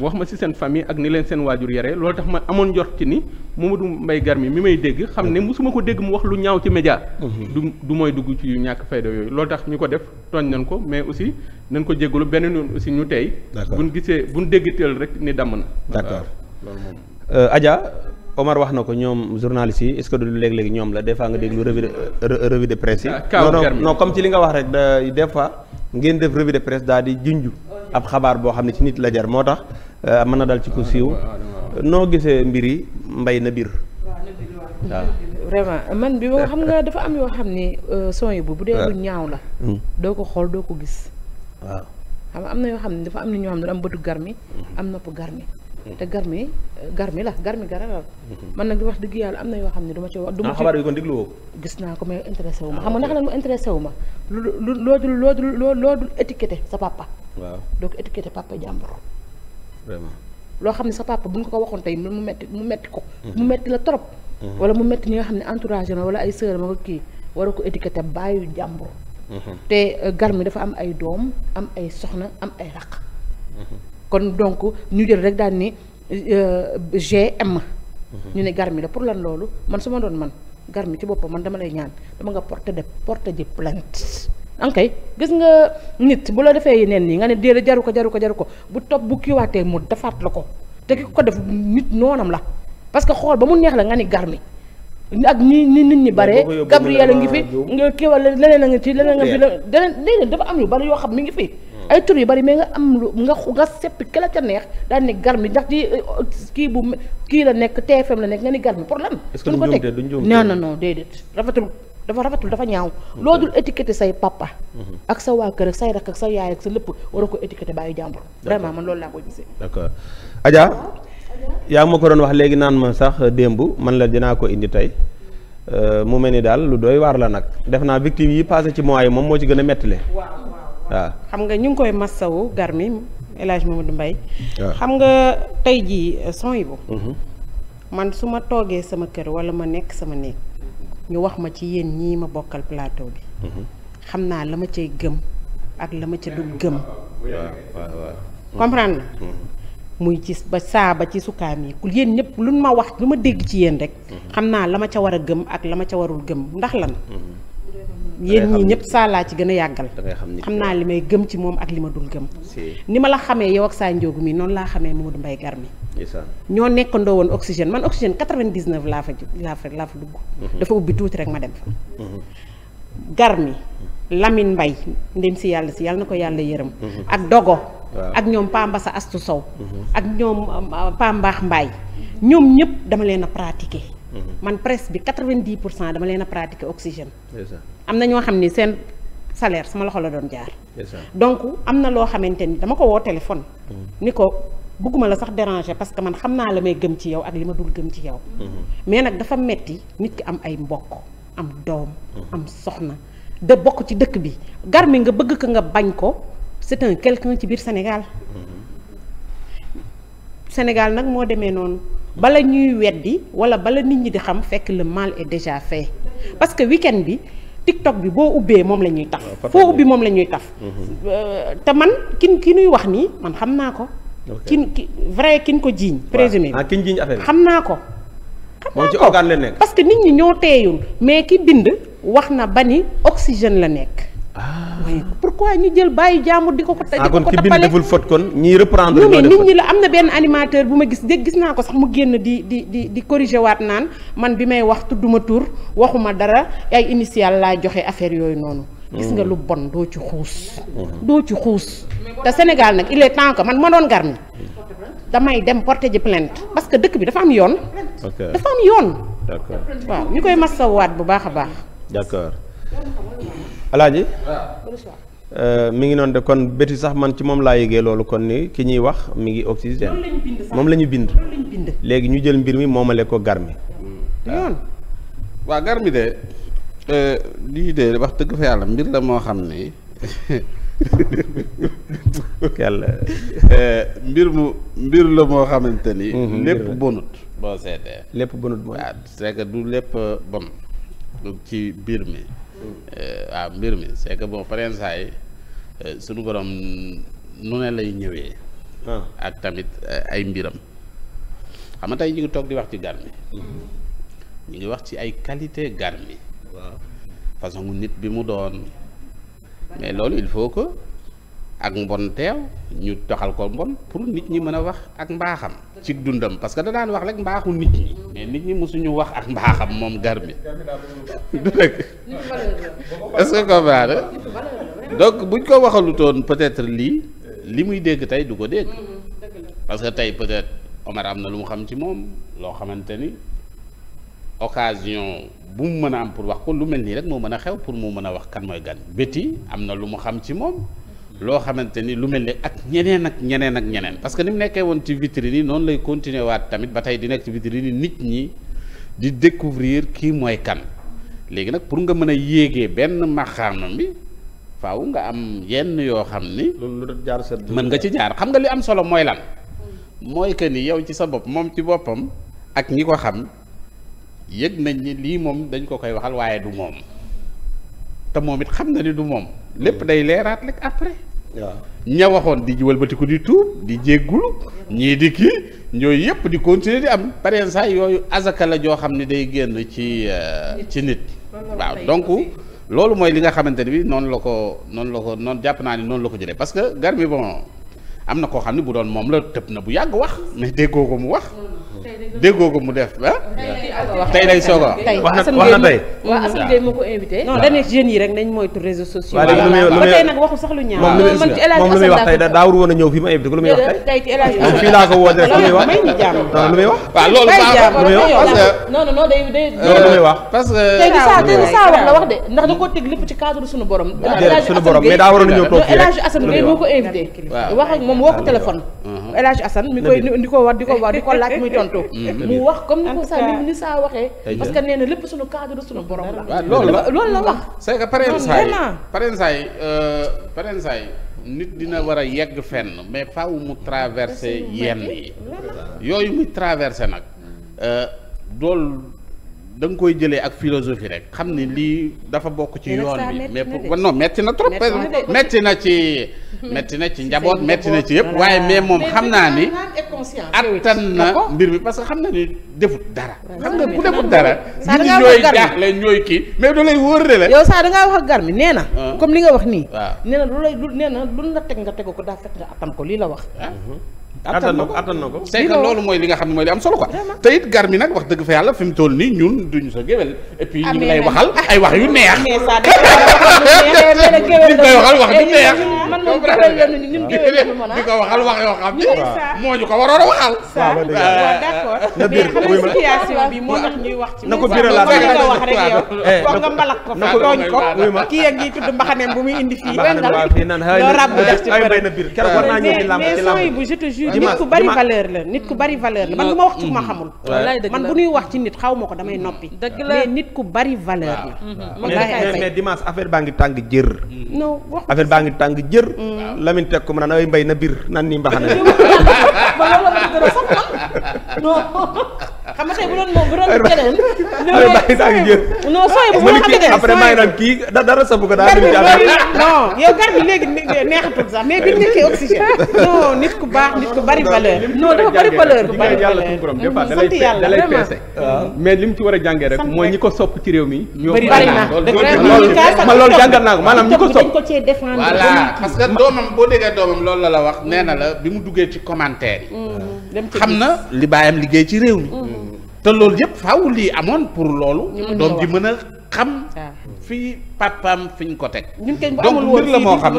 wax ma ci seen famille ak ni leen seen waajur yare loolu tax ma amoon njort ci ni Mamadou Mbay Garmi mi may dégg xam ne musuma mhm. ko dégg mu wax lu ñaaw ci média. Mhm. du du mooy dugg ci ñàkk fayda yooyu loolu tax ñu ko def tooñ nañ ko mais aussi nañ ko jéggalu beneen yoon aussi ñu tey. buñ gisee bu buñ dégg teel rek ni damm na. d'accord loolu moom. Euh, Omar wax na ko ñoom journaliste est-ce que du léeg-léeg ñoom la des nga déglu revue de revue de presse yi. Ah, non comme ci li nga wax rek des fois ngeen def revue de presse daal di junj ab xabaar boo xam ne ci nit la jar moo tax euh, mën na dal ci ku siiw noo gisee mbir yi mbay na biir. waaw vraiment man bi nga [LAUGHS] xam nga dafa am yoo xam ni euh, son yi bu bu dee lu ñaaw la. Hmm. doo ko xool doo ko gis. waaw xam nga am na yoo xam ne dafa am na ñoo xam ne am bëtu garmi am nopp garmi te garmi garmi la garmi gararal mhm. man nag di wax dëgg yàlla am na yoo xam ne du ma ci wax du ma ah, xabaar bi kon déglu woo gis naa ko mais intéressé wu ma ah, xam nga ndax lan mu intéressé wu ma lu lu loo dul loo dul loo dul étiqueté sa papa waaw doo ko étiqueté papa jàmbur vraiment loo xam ne sa papa buñ ko ko waxoon tey mu metti mu metti ko mhm. mu metti la trop mhm. wala mu metti ñi nga xam ne entourage na wala ay sœur ma nga kii war a ko étiqueté bàyyi jàmbur te euh, garmi dafa am ay doom am ay soxna am ay raq kon donc ñu jël rek daan ni euh, GM. Mhm. ñu ne garmi la pour lan loolu man su ma doon man garmi ci boppam man dama lay ñaan dama nga porte de porte ji plainte ankay gis nga nit bu la defee neen nii nga ne de jaru ko jaru ko jaru ko bu topp bu kiiwaatee mu defaat la ko te ki ko def nit noonam la parce que xool ba mu neex la nga ni garmi ak ñi ni nit ñi bare Gabriel a ngi fi nga kiiwal leneen a ngi ci leneen a ngi fi leneen dafa am yu bari yoo xam mu ngi fi ay tur yu bari mais nga am lu nga nga seppi kala ca neex daal ne di euh, kii bu kii la nekk TFM la nekk nga ni gar mi pour lan suñu ko teg non non non déedéet rafetul dafa rafetul dafa ñaaw loo dul étiqueté say papa mhm. ak sa waa ak say rakk ak sa yaay ak sa lépp war a ko étiqueté bàyyi jàmbur vraiment man loolu laa koy gisee d'accord Adja yaa ma ko doon wax léegi naan ma sax démb man la dinaa ko indi tey euh, mu mel ni daal lu dooy waar la nag def naa victime yi passé ci mois yi moom moo ci gën a mettile waaw xam nga ñu ngi koy massawu Garmi El Hadj Mamadou mbay xam nga tey jii euh, son yi mhm. man su ma toogee sama kër wala ma nekk sama néeg ñu wax ma ci yéen ñii ma bokkal plateau bi mhm. xam naa la ma cay gëm ak la ma ca du gëm comprendre na mhm. muy ci ba saa ci sukaam yi yéen ñëpp lu ma wax lu ma dégg ci yéen rek xam naa la ma ca war a gëm ak la ma ca warul gëm ndax lan yéen ñi ñëpp saa laa ci gën a yàggal xam naa li may gëm ci moom ak li ma dul gëm ni ma la xamee yow ak saa njóogu mi noonu laa xamee Mamadou Mbaye gar mi ñoo nekkandoo woon oxygène man oxygène 99 laa fa laa fa laa fa dugg mhm. dafa ubbi tuuti rek ma dem fa mhm. gar mi Lamine ndem si yàlla si yàlla na ko yàlla yërëm mhm. ak dogo ak ñoom Pamba sa astu sow ak ñoom Pambaax Mbaye ñoom ñëpp dama leen a pratiquer Mm-hmm. man presse bi quatre vingt pour cent dama leen a pratiquer oxygène. am na ñoo xam ni seen salaire sama loxo la doon jaar. donc am na loo xamante ni dama ko woo téléphone. Mm-hmm. ni ko bëgguma la sax déranger parce que man xam naa la may gëm ci yow ak li ma dul gëm ci yow. Mm-hmm. mais nag dafa metti nit ki am ay mbokk am doom. am soxna da bokk ci dëkk bi gar nga bëgg ko nga bañ ko c'est un quelqu'un ci biir Sénégal. Sénégal nag moo demee noonu. bala ñuy weddi wala bala nit ñi di xam fekk la mal est déjà fait parce que week bi TikTok bi boo ubbee moom la ñuy taf foo ubbi moom la ñuy taf mm-hmm. euh, te man kin ki nuy wax nii man xam naa ko kin ki vrai kin ko jiiñ présumé bi ah, kin jiiñ affaire xam naa ko moom ci organe la nekk parce que nit ñi ñoo teeyul mais ki bind wax na ba ni oxygène la nekk waaye ah. pourquoi ñu jël bàyyi jàmbur di ko ko. Ah, di ko ko tapale deful faute kon ñiy reprendre. ñoo nit ñi la am na benn animateur bu ma gis dégg gis naa ko sax mu génn di di di di corrigé waat naan man bi may wax tudduma tur waxuma dara ay initial laa joxe affaire yooyu noonu. gis nga lu bon doo ci xuus. Mm-hmm. doo ci xuus te Sénégal nag il est temps que man ma doon gar mi mm-hmm. damay dem porté ji plainte parce que dëkk bi dafa am yoon. dafa am yoon. d'accord waaw ñu koy masawaat bu baax a baax. d'accord. alaaji euh, mi ngi noonu de kon bëti sax man ci moom laa yëgee loolu kon ni ki ñuy wax mi ngi oxygène moom la ñu bind léegi ñu jël mbir mi moomale ko gar mi hmm. yoon ah. waa euh, wax dëgg fa yàlla mbir la moo xam ni yàlla [LAUGHS] euh, mbir mu mbir la moo xamante ni mhm, lépp bonut boo seetee lépp bonut mooy c'est que du lépp bon ci biir mi Euh, waaw mbir mi c'est que bon parents euh, sunu suñu borom nu ne lay ñëwee. Ah. ak tamit euh, ay mbiram. xam tey ñu ngi toog di wax ci garmi mm-hmm. ñu ngi wax ci ay qualité garmi waaw façon nit bi mu doon mais loolu il faut que. ak mbon teew ñu toxal ko mbon pour nit ñi mën a wax ak mbaaxam ci dundam parce que da wax rek mbaaxu nit ñi mais nit ñi mosuñu wax ak mbaaxam moom Garmi du dëgg est-ce que comprendre donc buñ ko waxalutoon peut-être lii li muy dégg tey du ko dégg parce que tey peut-être Omar am na lu mu xam ci moom loo xamante ni occasion bu mu mën a am pour wax ko lu mel nii rek moo mën a xew pour mu mën a wax kan mooy gan béti am na lu mu xam ci moom loo xamante ni lu mel ni ak ñeneen ak ñeneen ak ñeneen parce que ni mu nekkee woon ci vitrine yi noonu lay continuer waat tamit ba tey di nekk ci vitrine nit ñi di découvrir kii mooy kan léegi nag pour nga mën a yéegee benn maxaama bi faaw nga am yenn yoo xam ni. loolu jaar mën nga ci jaar xam nga li am solo mooy lan. mooy que ni yow ci sa bopp moom ci boppam ak ñi ko xam yëg nañ ni lii moom dañ ko koy waxal waaye du moom te moom it xam na ni du moom. lépp day leeraat rek waaw ña waxoon di wëlbatiku di tuub di jéggulu ñii di kii ñooyu yëpp di continuer di am pareen yooyu azaka la joo xam ne day génn ci euh, ci nit waaw donc loolu mooy li nga xamante ne bi noonu la ko noonu la ko noonu jàpp naa ne noonu la ko jëlee parce que gar mi bon am na koo xam ne bu doon moom la tëb na bu yàgg wax mais déggoo ko mu wax déggoo ko mu def la ah? tey lay soog a wax na wax na tey. waaw Assane Gueye moo ko invité. non dañu ne yi rek nañ moytu réseaux sociaux. waaw sax lu ñaaw. moom lu muy wax tey daa warul woon a ñëw fii ma invité ko lu muy wax tey. moom fii laa ko woo rek lu muy wax. lu muy wax. waaw loolu baax lu muy wax parce que. non non lu muy wax. parce que saa tey du saa wax la wax de ndax da koo teg lépp ci cadre suñu borom. suñu borom mais daa waroon a ñëw toog fii rek El Hadj wax ak moom woo ko téléphone mm. El Hadj Assane mi koy di ko war di ko laaj muy tontu. [LAUGHS] Mm, mu wax comme ni ko sa ni saa waxee. parce que nee lépp suñu cadre suñu borom la. waaw loolu la loolu la wax. Mm. c'est saa yi pareen saa yi nit dina war a yegg fenn mais faw mu traversé yenn yi. yooyu muy traversé nag euh, dool danga koy jëlee ak philosophie rek xam ne lii dafa bokk ci yoon bi mais pour non metti na trop metti na ci [LAUGHS] metti na ci njaboot metti na ci yëpp waaye mais moom xam naa ni attan na mbir bi parce que xam na ni defut dara xam nga ku defut dara nit ñi ñooy kii mais du lay wóor yow saa dangaa wax ak gar mi nee na ah. comme li nga wax nii ah. nee na lu nee na lu teg nga tegu ko daa fekk nga ko lii la wax ah. attan na ko attan na ko c'est loolu mooy li nga xam ne mooy li am solo quoi te it gar mi nag wax dëgg fa yàlla fi mu nii ñun duñu sa géwél et puis lay waxal ay wax yu neex [LAUGHS] ñu ngi koy waxal wax yu eh, neex di ko waxal wax yoo xam ne moo ñu ko waroon a waxal d'accord mais xam nga situation bi moo tax ñuy wax ci na ko biralaat nga wax rek yow eh, foog nga mbalak ko fa tooñ ko kii ak ngi tudd mbaxaneem bu muy indi fii loo ràbb def ci bërëb mais sooy bu je te jure nit ku bari valeur la nit ku bari valeur la man du ma wax ci ma mm-hmm. xamul man bu ñuy wax ci nit xaw ma ko damay mm-hmm. noppi mais nit ku bari valeur la mm-hmm. mais dimanche affaire baa ngi tàng jër mm. non wax affaire baa ngi tàng jër mm. Lamine teg ko mu naan ay mbay na biir nan nii mbaxana [LAUGHS] [LAUGHS] xam nga tey bu doon moom bu doon keneen. bu a xam ne kii dara sabu ko daal. non yow garab yi léegi neexatul sax nit ku baax nit ku bari valeur. non dafa bari valeur bu bari valeur mm, sant yàlla vraiment mais li mu ci war a jàngee rek mooy ñi ko sopp ci réew mi. bari na ma loolu jàngal naa ko maanaam ñi ko sopp. voilà parce que doomam boo déggee doomam loolu la la wax nee na la bi mu duggee ci commentaire yi. Mm, xam na li baayam liggéey ci réew mi mm. te loolu yëpp faaw lii amoon pour loolu. doom ji mën a xam. fii papaam fi ñu ko teg. ñun kañ la moo xam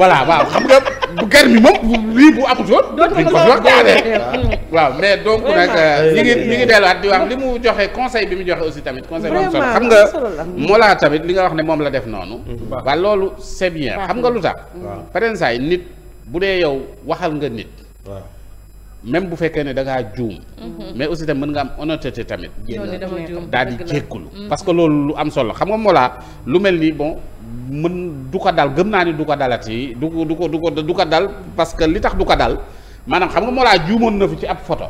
voilà waaw xam nga bu gar mi moom lii bu amutoon. dootul ko soog hmm. waaw donc nag euh, ñi ngi ñi ngi delluwaat di wax li joxe conseil bi mu joxe aussi tamit conseil xam nga hmm. Mollah tamit li nga wax ne moom la def noonu waa hmm. loolu c'est bien xam nga lu tax parents yi nit bu dee yow waxal nga nit même bu fekkee ne da ngaa juum. Mhm. mais aussi tam mën nga am honnêteté tamit. daal di jékkulu mhm. parce que loolu lu am solo xam nga moo laa lu mel ni bon mën du ko dal gëm naa ni du ko dalati du ko du ko du ko du ko dal parce que li tax du ko dal. maanaam xam nga moo juumoon na fi ci ab photo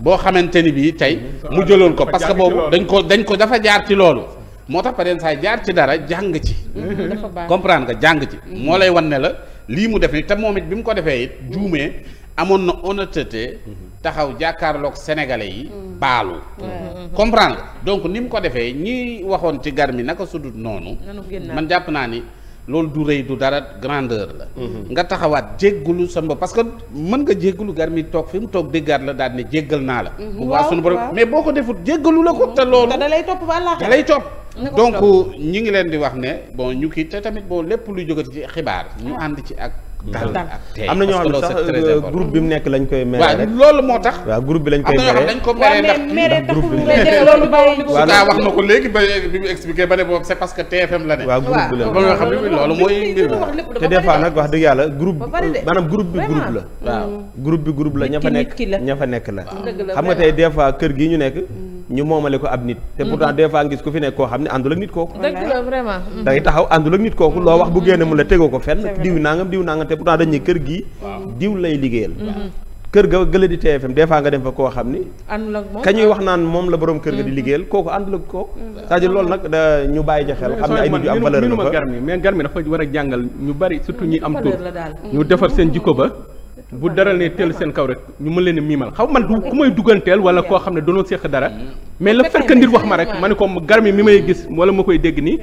boo xamante ni bii tey mu jëloon ko parce que boobu dañ ko dañ ko dafa jaar ci loolu moo tax pareen saa jaar ci dara jàng ci mhm, comprendre nga jàng ci moo lay wan ne la lii mu def ni te moom it bi mu ko defee it juumee amoon na honnêteté taxaw jàkkaarlook sénégalais yi mm. baalu comprendre donc ni mu ko defee ñi waxoon ci gar mi naka sudut noonu man jàpp naa ni loolu du rëy du dara grandeur la mm-hmm. nga taxawaat jéggulu sa bopp parce que mën nga jéggulu lu mi toog fi mu toog déggaat la daal ne jéggal naa la bu mm-hmm. baax sunu borom mais boo ko defut jéggalu la ko mm-hmm. te loolu da lay topp ba da lay topp donc ñi ngi leen di wax ne bon ñu kii te tamit boo lépp lu jógati ci xibaar ñu ànd ci ak dal am na ñoo xam ne sax euh, groupe bi mu nekk lañu koy mere rek loolu moo tax waaw groupe bi lañ koy mere waaw dañ ko wax na ko léegi ba bi mu expliqué ba ne boobu c'est parce que TFM la ne waaw groupe bi la ba nga xam ne loolu mooy te des fois nag wax dëgg yàlla groupe maanaam groupe bi group la waaw groupe bi groupe la ña fa nekk ña fa nekk la xam nga tey des fois kër gi ñu nekk mm. ñu moomale ko ab nit te mhm. pourtant des fois ngis ku fi nekk koo xam ne àndul ak nit kooku dëgg la vraiment mhm. da ngay taxaw àndul ak nit kooku loo wax bu génne mu la tegoo ko fen diw nangam diw nangam te pourtant dañuy kër gii diw lay liggéeyal mhm. kër ga gëla di TFM des fois nga dem fa koo xam ni àndul ak moom ka ñuy wax naan moom la borom kër ga di liggéeyal kooku àndul ak kooku c'est-à-dire loolu nag da ñu bàyyi ja xam ne ay nit yu am valeur la fa mais gar mi dafa war a jàngal ñu bari surtout ñi am tur ñu defar seen jikko ba bu dara ne teel seen kaw rek ñu ma leen a miimal xaw man du ku may dugganteel wala koo xam ne doonoo seq dara mais la fekk ndir wax ma rek ma ne ko garab mi mi may gis wala ma koy dégg nii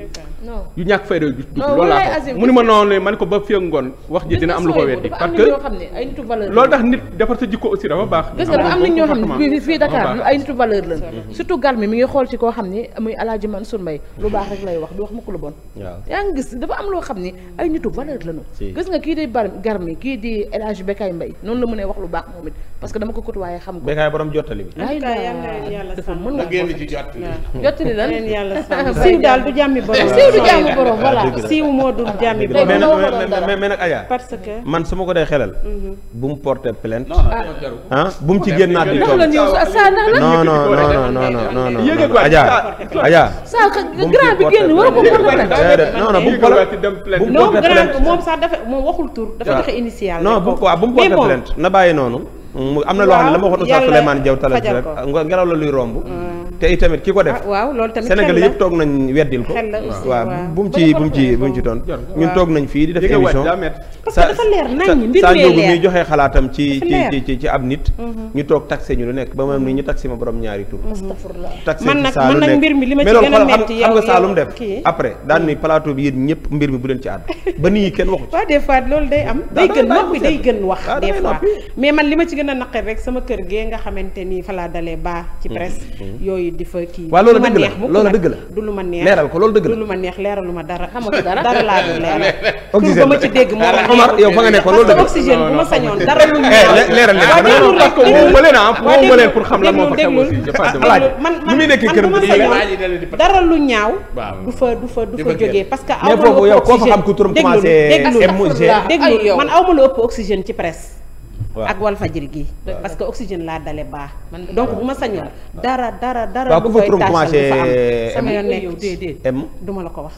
yu ñàkk fayda du loolu laa ko mu ni ma noonu man ko ba fii ak ngoon wax ji dina am lu ko weddi parce que loolu tax nit defar gis nga dafa am nit ñoo xam ne fii Dakar ay nitu valeur lañ mm-hmm. surtout gal mi mi ngi xool ci koo xam ne muy Alaaji Mansour Mbaye lu baax rek lay wax du wax mukk lu bon yaa ngi gis dafa am loo xam ne ay nitu valeur lañu gis nga kii di bar garmi kii di Elaaji Bekaay Mbaye noonu la mënee wax lu baax moom it parce que dama ko côtoyé xam ko. béykat jottali bi. ay yàlla dafa mën nga génn ci [LAUGHS] jottali. [LAUGHS] siiw daal du jàmmi borom. siiw siiw moo dul jàmmi borom. mais nag Aya. parce que man su ma ko dee xelal. Mhm. bu mu porté plainte. Ah. Ah, bu mu ci génnaat di toog. Ah, non non non non non non Aya Aya. saa grand bi génn war ko porté plainte. non bu mu porté plainte. na bàyyi noonu. am na loo xam ne la ma waxoon Oustaz Souleymane Diaw Talaji rek ngelaw la luy romb mm. te itamit ki ko def ah, Sénégal yëpp toog nañ weddil ko waaw bu mu ci bu mu ci doon ñun toog nañ fii di def émission sa sa njóogu mi joxee xalaatam ci ci ci ci ab nit mm-hmm. ñu toog taxé ñu lu nekk ba moom ñu taxé ma borom ñaari tur taxé man nag man mbir mi li ma ci gën a metti yow xam nga saalum def après daan ni plateau mbir mi bu leen ci àdd ba nii kenn waxu ci waaw des fois loolu day am day gën a day gën a naqari rek sama kër gee ni fa laa dalee baa ci mhm. Mhm. di fa kii waaw loolu dëgg la loolu dëgg la du ma neex leeral ko loolu dëgg la du lu ma neex ma dara dara laa dul leeral tur [LAUGHS] ba ma ci dégg moo ma Omar yow fa nga nekkoon ma sañoon lu eh, leeral leen lu ñaaw du fa du fa du fa jógee parce que aw ma lu ëpp oxygène déglu man aw ma lu ëpp oxygène ci presse ak Walfadjri gi parce que oxygène laa dale baax donc bu ma sañoon dara dara dara lu koy tàcc euh, sama yoon duma la ko wax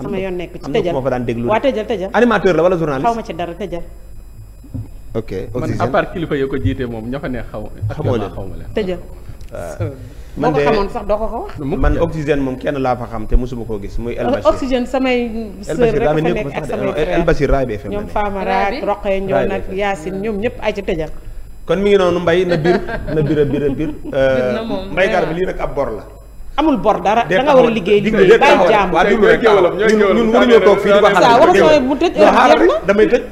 sama yoon nekk ci tëjal waa tëjal tëjal animateur la wala journaliste xaw ma ci dara tëjal ok oxygène man kilifa yi ko jiite moom ña fa ne xaw xaw ma leen tëjal man de boo sax doo ko ko wax. man oxygène moom kenn laa fa xam te mosuma koo gis muy. El Bachir oxygène samay. El Bachir daa mel ni Raay bi FM. ñoom Fama Raak Roqe Ndiol nag ñoom ñëpp ay ca tëjal. kon mi ngi noonu mbay na biir na biir a biir a biir. [LAUGHS] Euh, mbaykaar bi lii rek ab bor la. amul bor dara da nga liggéey liggéey bàyyi jàmm waaw déglu rek ñun waruñoo toog fii di ko waxal damay tëj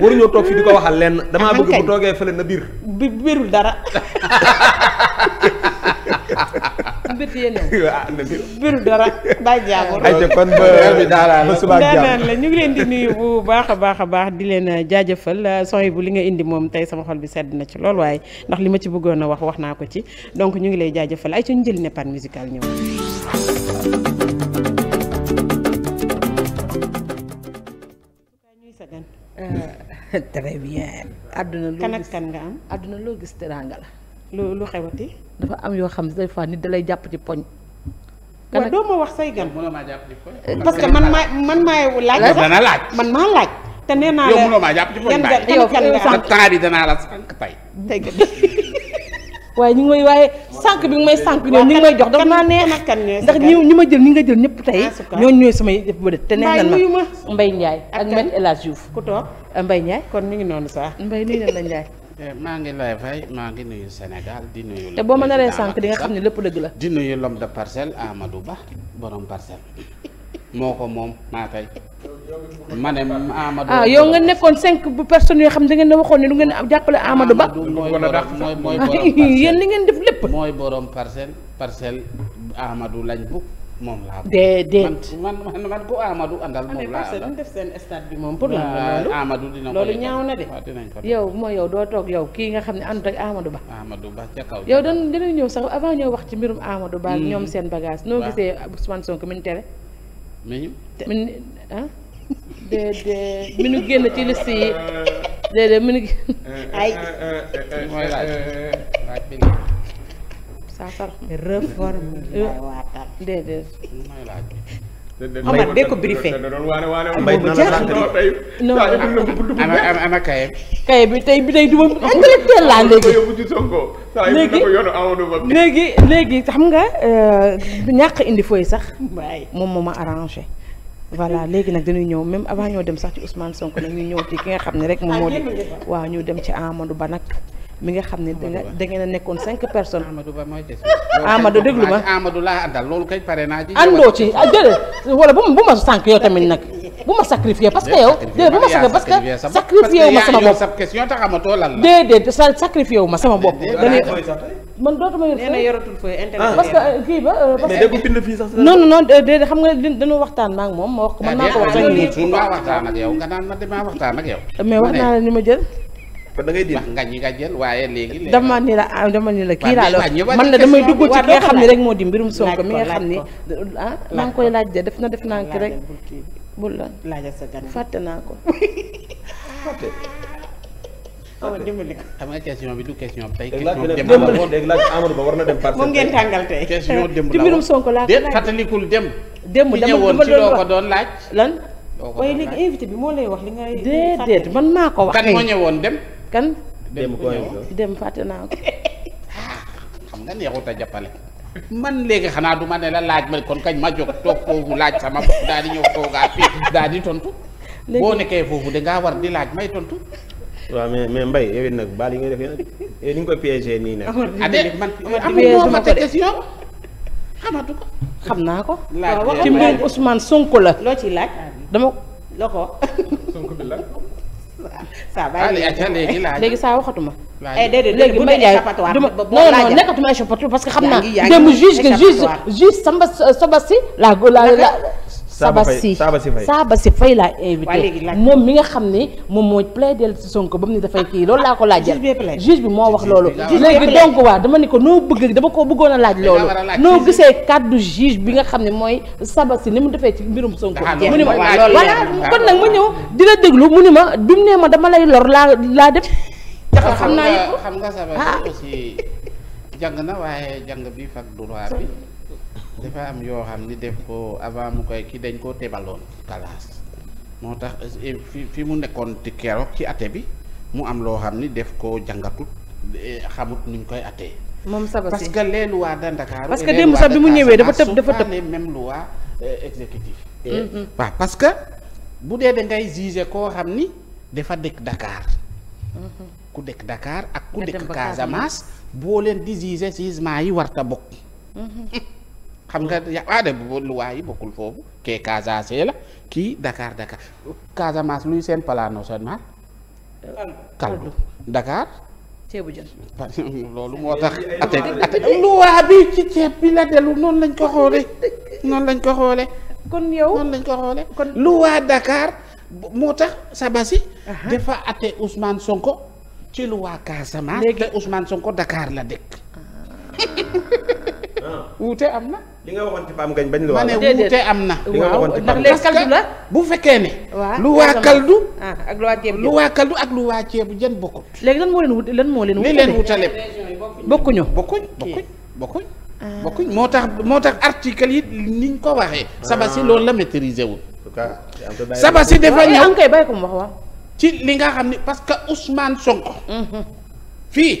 waruñoo toog fii toog fii di ko waxal lenn damaa bëgg bu toogee fële na biir bi biirul dara [LAUGHS] mbët yéen [LAUGHS] ah, biru dara baa jaagoor kon ba la ñu ngi leen di nuyu bu baax a baax a baax di leen eh, jaajëfal eh, soxy bu li nga indi moom tey sama xol bi sedd na ci lool waaye ndax li ma ci bëggoon a wax wax naa ko ci donc ñu ngi lay jaajëfal ay ci ñu jël neppaan musical ñëw euh, [LAUGHS] très bien àdduna loo gis kan ak kan nga am àdduna loo gis teraanga la lu lu xewati dafa am yoo xam ne des fois nit da lay jàpp ci poñ. waaw doo ma wax say gan. mënoo maa eh, parce que man maa man maa laaj. sax eh, dana laaj man maa laaj. te nee naa la yow mënoo maa jàpp ci poñ bàyyi yow temps bi danaa la sànq tey. dégg [LAUGHS] waaye ñu ngi may waaye sànq bi nga may sànq ñoom ñu ngi may jox dafa maa neex ndax ñi ñi ma jël ñi nga jël ñëpp tey ñooñu ñooy samay def ba def te neex nan mbay Mbaye ak Maître El Hadj Diouf ku toog euh, Mbaye Ndiaye kon mi ngi noonu sax mbay nuyu na la Ndiaye Eh, maa ngi lay fay maa ngi nuyu senegal di nuyu. te boo ma naree sànq di nga xam ne lépp dëgg la. di nuyu l'homme de parcelle Amadou Ba boroom parcelle moo ko moom maa tey ma ne Amadou. ah yow nga nekkoon cinq bu personnes yoo xam ne da ngeen a waxoon ni du ngeen jàppale Amadou Ba. Amadou mooy mooy mooy [LAUGHS] borom. yéen li ngeen def lépp. mooy borom parcelle parcelle Amadou lañ bugg. moom laa dee déet man man man ku Amadou àndal moom laa àndal def seen stade bi moom pour la Amadou dina ko ñaaw na de yow mooy yow doo toog yow kii nga xam ne àndut ak Amadou Ba Amadou ca kaw yow dan ñëw sax avant ñoo wax ci mbirum Amadou Ba hmm. ñoom seen bagage noo gisee Ousmane Sonko mi ñu tere mi ñu ah de de mi ñu génn mi ñu ay mooy laaj laaj saa sarax réforme euh, déedéet Omar de ko briefé ana kaye kaye bi tey bi tey duma intellectuel laa léegi léegi léegi xam nga euh, ñàkk indi fooy sax moom moo ma arrangé voilà léegi nag dañuy ñëw même avant ñoo dem sax ci Ousmane Sonko nag ñu ñëw ci ki nga xam ne rek moom moo di ah, waaw ñu dem ci Amadou Ba nag mi nga xam ne da ngeen a nekkoon cinq personnes. Amadou Ba mooy des. Amadou déglu ma Amadou pare àndoo ci ah jërëjëf wala bu ma bu ma sànq yow tamit nag bu ma sacrifié parce que yow. déedéet bu ma sacrifié parce que sacrifié wu ma sama bopp déedéet sa sacrifié wu ma sama bopp. dañuy man dootuma yor na yoratul fooy internet ah, parce que kii ba. Euh, parce que déedéet xam nga dañoo waxtaan ma moom ma wax ko man ah, maa ko wax. waxtaan ak yow nga waxtaan ak yow. mais wax naa la ni ma jël kon da ngay dindi ngañ yi ngàññeel waaye dama ni la ah, dama ni la kii laa man la damay dugg ci ki ne rek moo di mbirum Sonko ah, maa ngi koy laaj de na def naa ko rek bul la laajal sa naa ko awa oh, dimbali ko bi du question tey. question dem la woon léegi na dem parcelle. moom ngeen tàngal tey la woon ci mbirum Sonko laa ko ko doon laaj. lan waaye léegi invité bi moo lay wax li ngay. déedéet man maa ko wax. kan moo ñëwoon dem. kan. dem ko dem fàtte naa ko. [LAUGHS] xam nga neexut a jàppale. man léegi xanaa du ma ne la laaj ma kon kañ ma jóg toog foofu laaj sama bopp daal di ñëw toogaa fii daal di tontu. boo nekkee foofu dangaa war di laaj may tontu. waaw mais mais Mbaye yow it nag baal yi ngay def yéen ni nga ko piégé nii nag. amoon ah, man amul ma te question. xamatu ko. xam naa ko. laaj ci mbirum Ousmane Sonko la. loo ci laaj dama loo ko. [LAUGHS] Sonko bi la. saa bàyyi léegi saa waxatuma. Eh, léegi bu dee duma non non nekkatuma échappatoire parce que xam naa. yaa ngi yaa ngi juge juge juge Samba Soba si la la la. Saba si Saba si Faye Saba si Faye laa invité moom mi nga xam ne moom moo plaidel si Sonko ba mu ne dafay kii loolu laa ko laajal juge bi moo wax loolu léegi donc waa dama ne ko noo bëgg dama ko bëggoon laaj loolu noo gisee kàddu juge bi nga xam ne mooy Saba si ni mu defee ci mbirum Sonko mu ni ma voilà kon nag ma ñëw di la déglu mu ni ma bi mu nee ma dama lay lor laa laa def jaxal xam naa yëpp xam nga Saba ah. si aussi jàng na waaye jang bi fak droit bi dafa am yoo xam ni def ko avant mu koy ki dañ koo tebaloon kalaas moo tax eh, fi mu nekkoon ci keroog ci ate bi mu am loo xam ni def ko jàngatut eh, xamut nuñ koy atee moom sabasi parce que les lois de Dakar parce que démb sax bi mu ñëwee dafa tëb dafa tëb waa mêmes lois eh, exécutives mm-hmm. waaw parce que bu dee da ngay juger koo xam ni dafa dëkk dakaar mm-hmm. ku dëkk dakaar ak ku dëkk Casamance boo leen di juger jugement yi war ta bokk mm-hmm. [LAUGHS] xam nga yaade ah, bu luwaa yi bokkul foofu kee Casaase la kii Dakar Dakar Casamance luy seen palaano seen maal kaldu Dakar [LAUGHS] loolu moo tax ate ate luwaa bi ci ceeb bi la dellu noonu lañ ko xoole noonu lañ ko xoole kon yow noonu lañ ko luwaa Dakar moo tax Sabasi dafa ate Ousmane Sonko ci luwaa Casamance te Sonko Dakar la dëkk ah. [LAUGHS] wuute am na. li nga waxoon ci Pape Ngagne bañ la. déedéet ma ne wuute am na. waaw ndax kaldu la bu fekkee ne. lu waa kaldu. Ah, ak lu waa ceebu lu waa kaldu ak lu waa ceebu jën bokkul. léegi lan moo leen wut lan moo leen. wutale li leen wutale bokkuñu bokkuñ bokkuñ bokkuñ. Ah. bokkuñ moo tax moo tax article yi niñ ko waxee. Ah. saba si loolu la maîtriser wul. saba si dafa ñëw am kay bàyyi ko mu wax waaw. ci li nga xam ne parce que Ousmane Sonko. Mhm. fii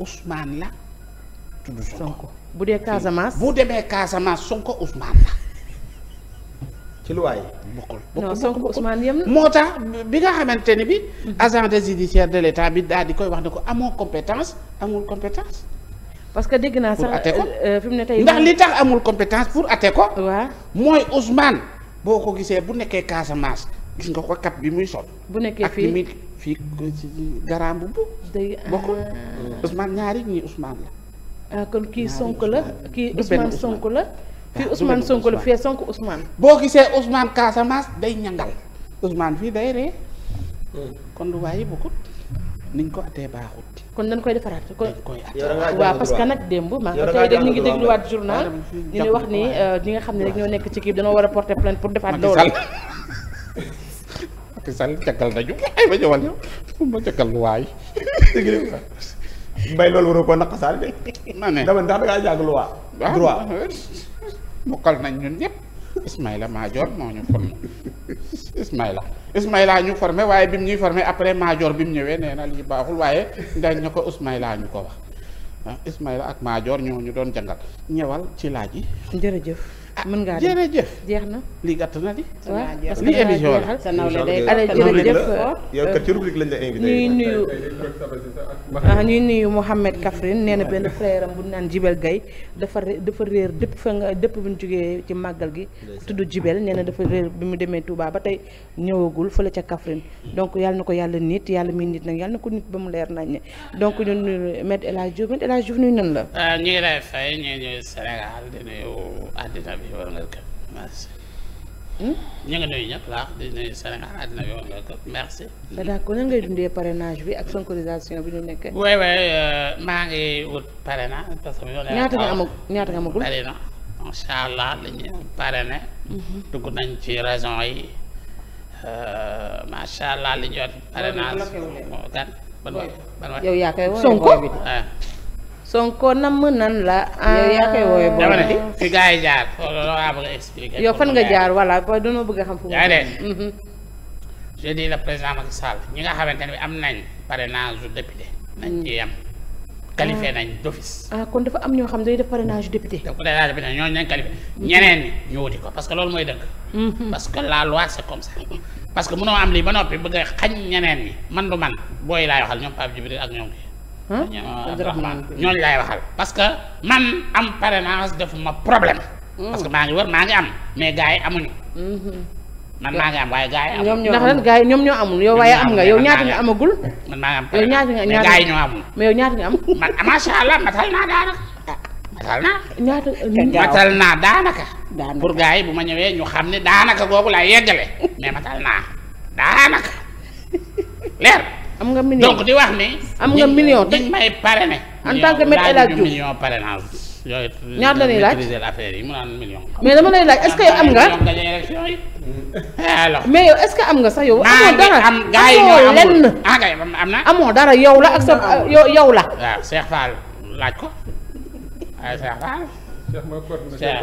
Ousmane la. tudd bu dee Casamance bu demee Casamance Sonko Ousmane la. ci luwaay bokkul bokkul moo tax bi nga xamante ni bi. Mhm. agent de judiciaire de l'état bi daal di koy wax ne ko amoo compétence amul compétence. parce que dégg naa sax euh, euh, fi mu ne tey ndax li tax amul compétence pour atte ko. waaw mooy Ousmane boo ko gisee bu nekkee Casamance gis nga ko cap bi muy sol. bu nekkee fii ak ni muy fii garaam bu bu. bokkul euh, Ousmane ñaari ñii Ousmane la. ah kon kii sonk la kii Ousmane sonk la fii Ousmane Sonko la fii sonk Ousmane. boo gisee Ousmane Casamance day ñangal Ousmane fii day ree hmm. kon lu waaye bokkut niñ ko ate baaxut. kon dañ koy defaraat kon waaw parce que nag démb maa ngi tey de ñu ngi dégluwaat journal ñu ne wax ni euh, ñi nga xam ne rek ñoo nekk ci kii bi dañoo war a porter plainte pour defaat loolu. [LAUGHS] Macky Sall caggal nañu ay ba ñëwal yow ma caggal waay. [LAUGHS] mbay loolu waroo koo naqasaal de. dama ndax da ngaa jàng loi. droit mokkal nañ ñun ñëpp. Ismaïla Madior moo ñu formé Ismaïla ñu forme waaye bi mu ñuy formé après Madior bi mu ñëwee nee na lii baaxul waaye dañ ñu ko Ismaïla ñu ko wax ah Ismaïla ak Madior ñoo ñu doon jàngal ñëwal ci laaj yi. jërëjëf. mën ngaa dem jeex na lii gàtt na di lii émission la sa nawle day ale jërëjëf nuyu ñuy nuyu Mouhamed nee na benn frère am bu naan Jibel gay dafa dafa réer dëpp fa nga dëpp bu ñu jógee ci màggal gi tudd jibeel nee na dafa réer bi mu demee Touba ba tey ñëwagul fële ca Kaffrine donc yàlla na ko yàlla nit yàlla mi nit nag yàlla ko nit ba mu leer nañ ne donc ñun El Hadj Diouf Maître El Hadj Diouf nuyu nan la ah, yow nga këpp merci. Hmm? ñu ngi nuyu ñëpp laax bi ak sonkorisation bi ñu nekkee. oui oui euh, maa ngi wut parrainage parce que. ñaata nga amag ñaata nga amagul bari na macha allah li ñu parrainé. Mhm. dugg nañ ci raison yi euh, macha allah li ñu jot. parrainage Sonko Sonko nam nan la. Ah. yow yaa koy woowee boobu dama yi jaar loolaa bëgg a expliquer. yow fan nga jaar voilà booy bëgg a xam. fu mu ne mhm. je dis le ñi nga xamante ne am nañ parrainage du député nañ ci yem. Ah. qualifié nañ d'office. ah kon dafa am ñoo xam ne day def parrainage député. def parrainage député ñooñu nañ qualifié mhm. ñeneen ñi ñu wuti ko parce que loolu mooy dëgg. Mhm. parce que la loi c'est comme ça. parce que am lii ba noppi bëgg a xañ ñeneen ñi man du man booy laay waxal ñoom Pape Djibril ak ñoom. ñooñu laay waxal parce que man am parrainage defuma problème parce que maa ngi wër maa ngi am mais gars yi amuñu man maa ngi am waaye gars yi amul ndax lan gars yi ñoom ñoo amul yow waaye am nga yow ñaata nga amagul man maa ngi am yow ñaata nga am man macha allah matal naa daanaka matal naa ñaata matal naa daanaka pour gars yi bu ma ñëwee ñu xam ne daanaka googu laay yeggale mais matal naa daanaka [LAUGHS] leer am nga million donc di wax ni. am nga million te may parrainé. en tant que maître El Hadj Diouf million parrainage yooyu. ñaata la ñuy laaj affaire yi mu naan million. mais dama lay laaj est-ce que yow am nga. Ah, mais yow est-ce que am nga sax yow. amoo dara ah, am na. amoo dara yow la ak sa yow la. waaw ah, Cheikh Fall laaj ko waaw Cheikh Fall. Cheikh mooy coordinateur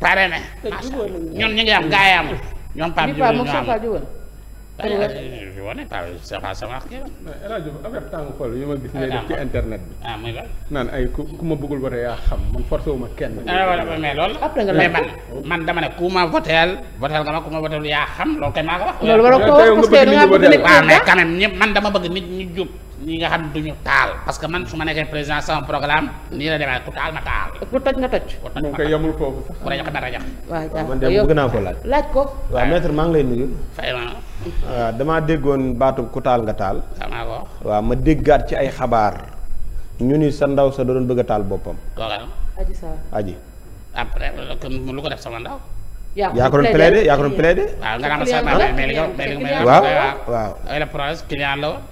parrainé. parrainé ñun ñu ngi am wane taw c'est pas sama wax El Hadj ma gis ne def ci internet bi. ah muy lan. naan ay ku ma bëggul voté yaa xam man forcé wu ma kenn. mais mais man man dama ne ku ma votéel. votéel nga ma ku ma votéel yaa xam loolu kay maa ko wax. loolu waroo ko wax parce que da ñëpp man dama bëgg nit ñi jub. ñi nga xam duñu taal parce que man su ma nekkee président sama programme nii la demee ku taal ma taal. ku toj nga toj. moom kay yamul foofu man de bëgg naa ko laaj. laaj ko waaw maître maa ma. Euh, waaw damaa déggaat ci ay xabaar ñu ni sa ndaw sa doon bëgg a taal boppam. kooka. aji sa aji. après ko def waaw nga naan ma sa waaw waaw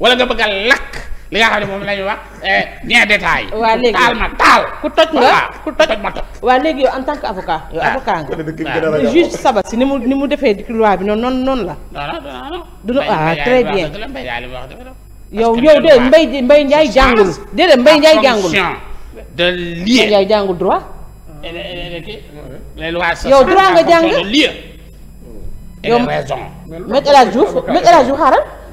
wala nga bëgg a lakk li nga xam ne moom la wax eh, bien détail. waaw léegi taal ma taal. ku toj nga ku toj ma toj. waaw léegi yow en tant que avocat. yow ah. avocat nga juge saba si ni mu ni mu defee loi bi noonu noonu noonu la. du non ah très bien. yow yow de Mbaye Mbaye Ndiaye jàngul. déedéet Mbaye Ndiaye jàngul. de lier Mbaye Ndiaye jàngul droit. yow droit nga jàng. yow Me El Hadj Diouf Me El Hadj Diouf xaaral.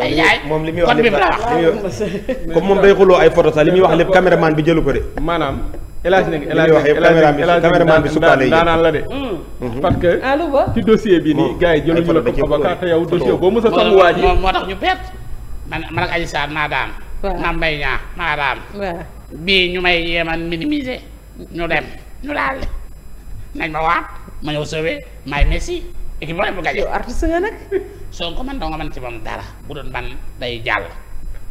ay yaay moom li muy wax lépp [LAUGHS] comme moom day xuloo ay li muy wax lépp caméraman bi jëlu ko de. maanaam élage nag élage nag élage caméraman bi sukkandee daanaan la de. Mm. parce que ah, ci dossier bi nii gars yi jëluñu la comme avocat te yow dossier boo mës a song waa moo tax ñu pet man man ak Adji Sarr maa daan. waaw mbay ñaa maa daan. bii ñu may yeeman minimiser. ñu dem ñu daal nañ ma waat ma ñëw sauvé maay Messi. équipe eh, bi bu gañe. yow artiste nga nag. [LAUGHS] Sonko man doo nga mën ci moom dara bu doon man day jàll.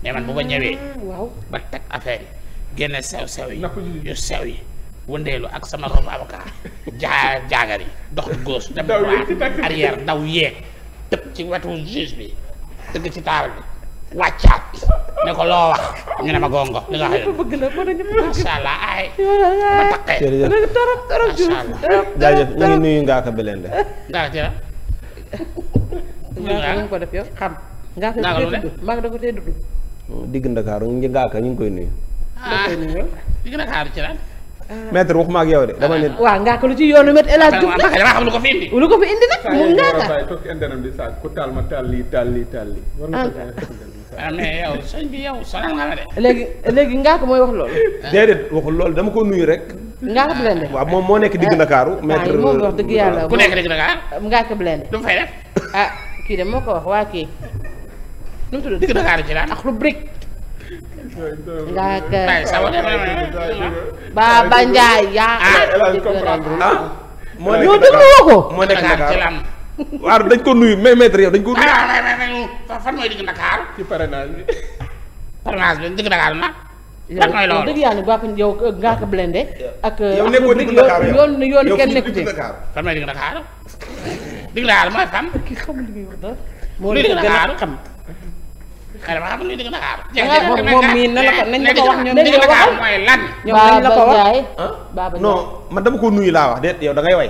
mais man hmm, bu ma ñëwee. waaw ba teg affaire yi génne sew sew yi yu sew yi. wëndeelu ak sama robe avocat jaa jaagar yi dox góos dem [LAUGHS] droit arrière daw yeeg tëb ci wetu juge bi dëgg ci taar bi. wàccaat ne ko loo wax ñu ne ma gongo li nga ay ma taqee jaajëf ñu ngi nuyu ngaaka beleen de ngaaka ci ko def yow xam ngaaka ngaaka da ko tee dudd digg ndakaaru ñu ngi ñu ngi koy nuyu ah. digg ndakaaru ci la ah. maître waxuma ak yow de dama ne waaw ko lu ci yoonu met El nag dama xam lu ko fi indi lu ko fi indi nag mu ngaa ah mais yow sëñ léegi léegi Ngaaka mooy wax loolu. déedéet waxul loolu dama koo nuyu rek. Ngaaka Blindé. waaw moom moo nekk digg Ndakaaru. Ah, maître moom wax dëgg yàlla ku nekk digg Ndakaaru. Ngaaka Blindé. du mu fay def. ah kii de moo ko wax waa kii. nu mu tudd yaa. ah comprendre ah, moo nekk Ndakaaru waaw dañ ko nuyu mais maître yow dañ ko nuyu. ah fan mooy digg Dakar. ci parrainage bi. parrainage bi digg Dakar na. lan mooy loolu dëgg yàlla baax yow ngaa euh, ah. ko blende ak euh, yow nekkoo digg Dakar mooy a xam. xale ba xamul luy digg Dakar. Ah, moom mii na la ko nañ la ko wax ñoom digg Dakar mooy lan. ñoom dama ko nuyu laa wax déet yow da ngay way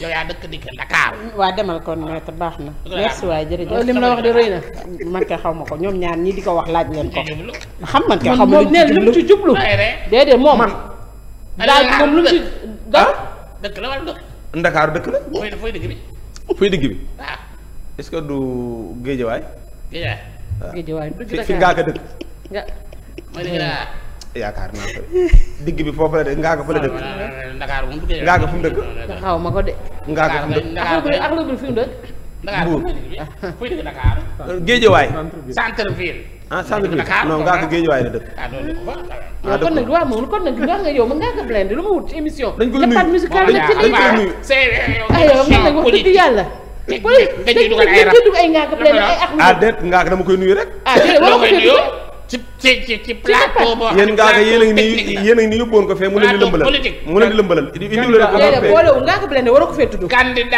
yow yaa dëkk di Dakar. waa demal kon maître baax na. merci waay jërëjëf li mu la wax de rëy na. man kay xaw ma ko ñoom ñaar ñii di ko wax laaj leen ko. xam man kay xaw ma lu ci jublu déedéet moom. daal moom lu mu ci ah, dëkk la wala dëkk. Ndakaaru dëkk la. fooy fooy bi. fooy dëgg bi. waaw. Ah. que du Géejawaay. Géejawaay. Ah. Géejawaay dëgg fi ngaa ko dëkk. yaakaar naa ko digg bi foofu la de ngaa ko fa la dëkk. ngaa ko fu mu dëkk. xaw ma ko de. ngaa ko fu mu dëkk. ak lëgul fi mu dëkk. Mbuur. Géejawaay. centre ville. ah centre ville non ngaa ko Géejawaay la dëkk. ah kon nag waaw moom kon nag wax nga yow man ngaa ko blende lu ma wut émission. dañ ko nuyu musicale la ci lii. aywa man nag wax dëgg yàlla. dañ ciy dugal ay rab dañ ciy dugal ay ngaa ko blende ay ak. ah déet ngaa ko dama koy nuyu rek. ah déet wala ko ci ci ci ci plateau boo yéen ngaa ko yéen a ngi nii yéen a ngi nii yóbboon ko fee mu leen di lëmbalal mu leen di lëmbalal indiwle ko boolewu ngaa ko blende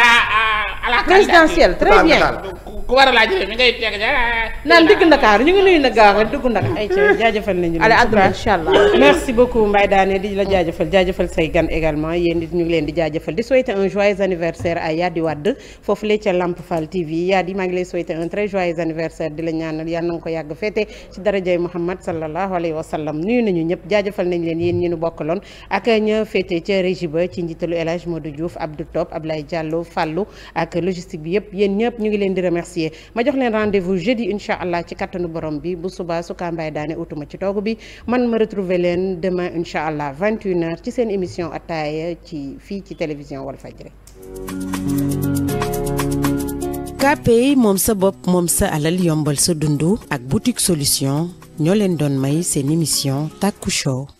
la présidentielle très bien ku a laaj mi ngay teg euh, naan dëgg Ndakaaru ñu ngi nuyu nag gaaw nga dëgg Ndakaaru ay ca jaajëfal nañu ale àdduna incha allah merci beaucoup Mbaye Daane di la jaajëfal jaajëfal say gan également yéen it ñu ngi leen di jaajëfal di souhaiter un joyeux anniversaire à Yadi Wade foofu la ca Lamp Fall TV Yadi maa ngi lay souhaiter un très joyeux anniversaire di la ñaanal yàlla na ko yàgg féete ci darajay Mouhamad Muhammad sallallahu alayhi wa sallam nuyu nañu ñëpp jaajëfal nañ leen yéen ñi nu bokkaloon ak ña féete ca régie ba ci njiitalu El Hadj Modou Diouf Abdou Top Ablaye Diallo Fallou ak logistique bi yëpp yéen ñëpp ñu ngi leen di remercier ma jox leen rendez-vous jeudi allah ci kattanu borom bi bu suba su Kambaay daane utuma ci toogu bi man ma retrouver leen demain incha allah 21h ci seen émission ataaya ci fii ci télévision Walfadjri KPI moom sa bopp moom sa alal sa dund ak boutique solution ñoo leen doon may seen émission Taku Show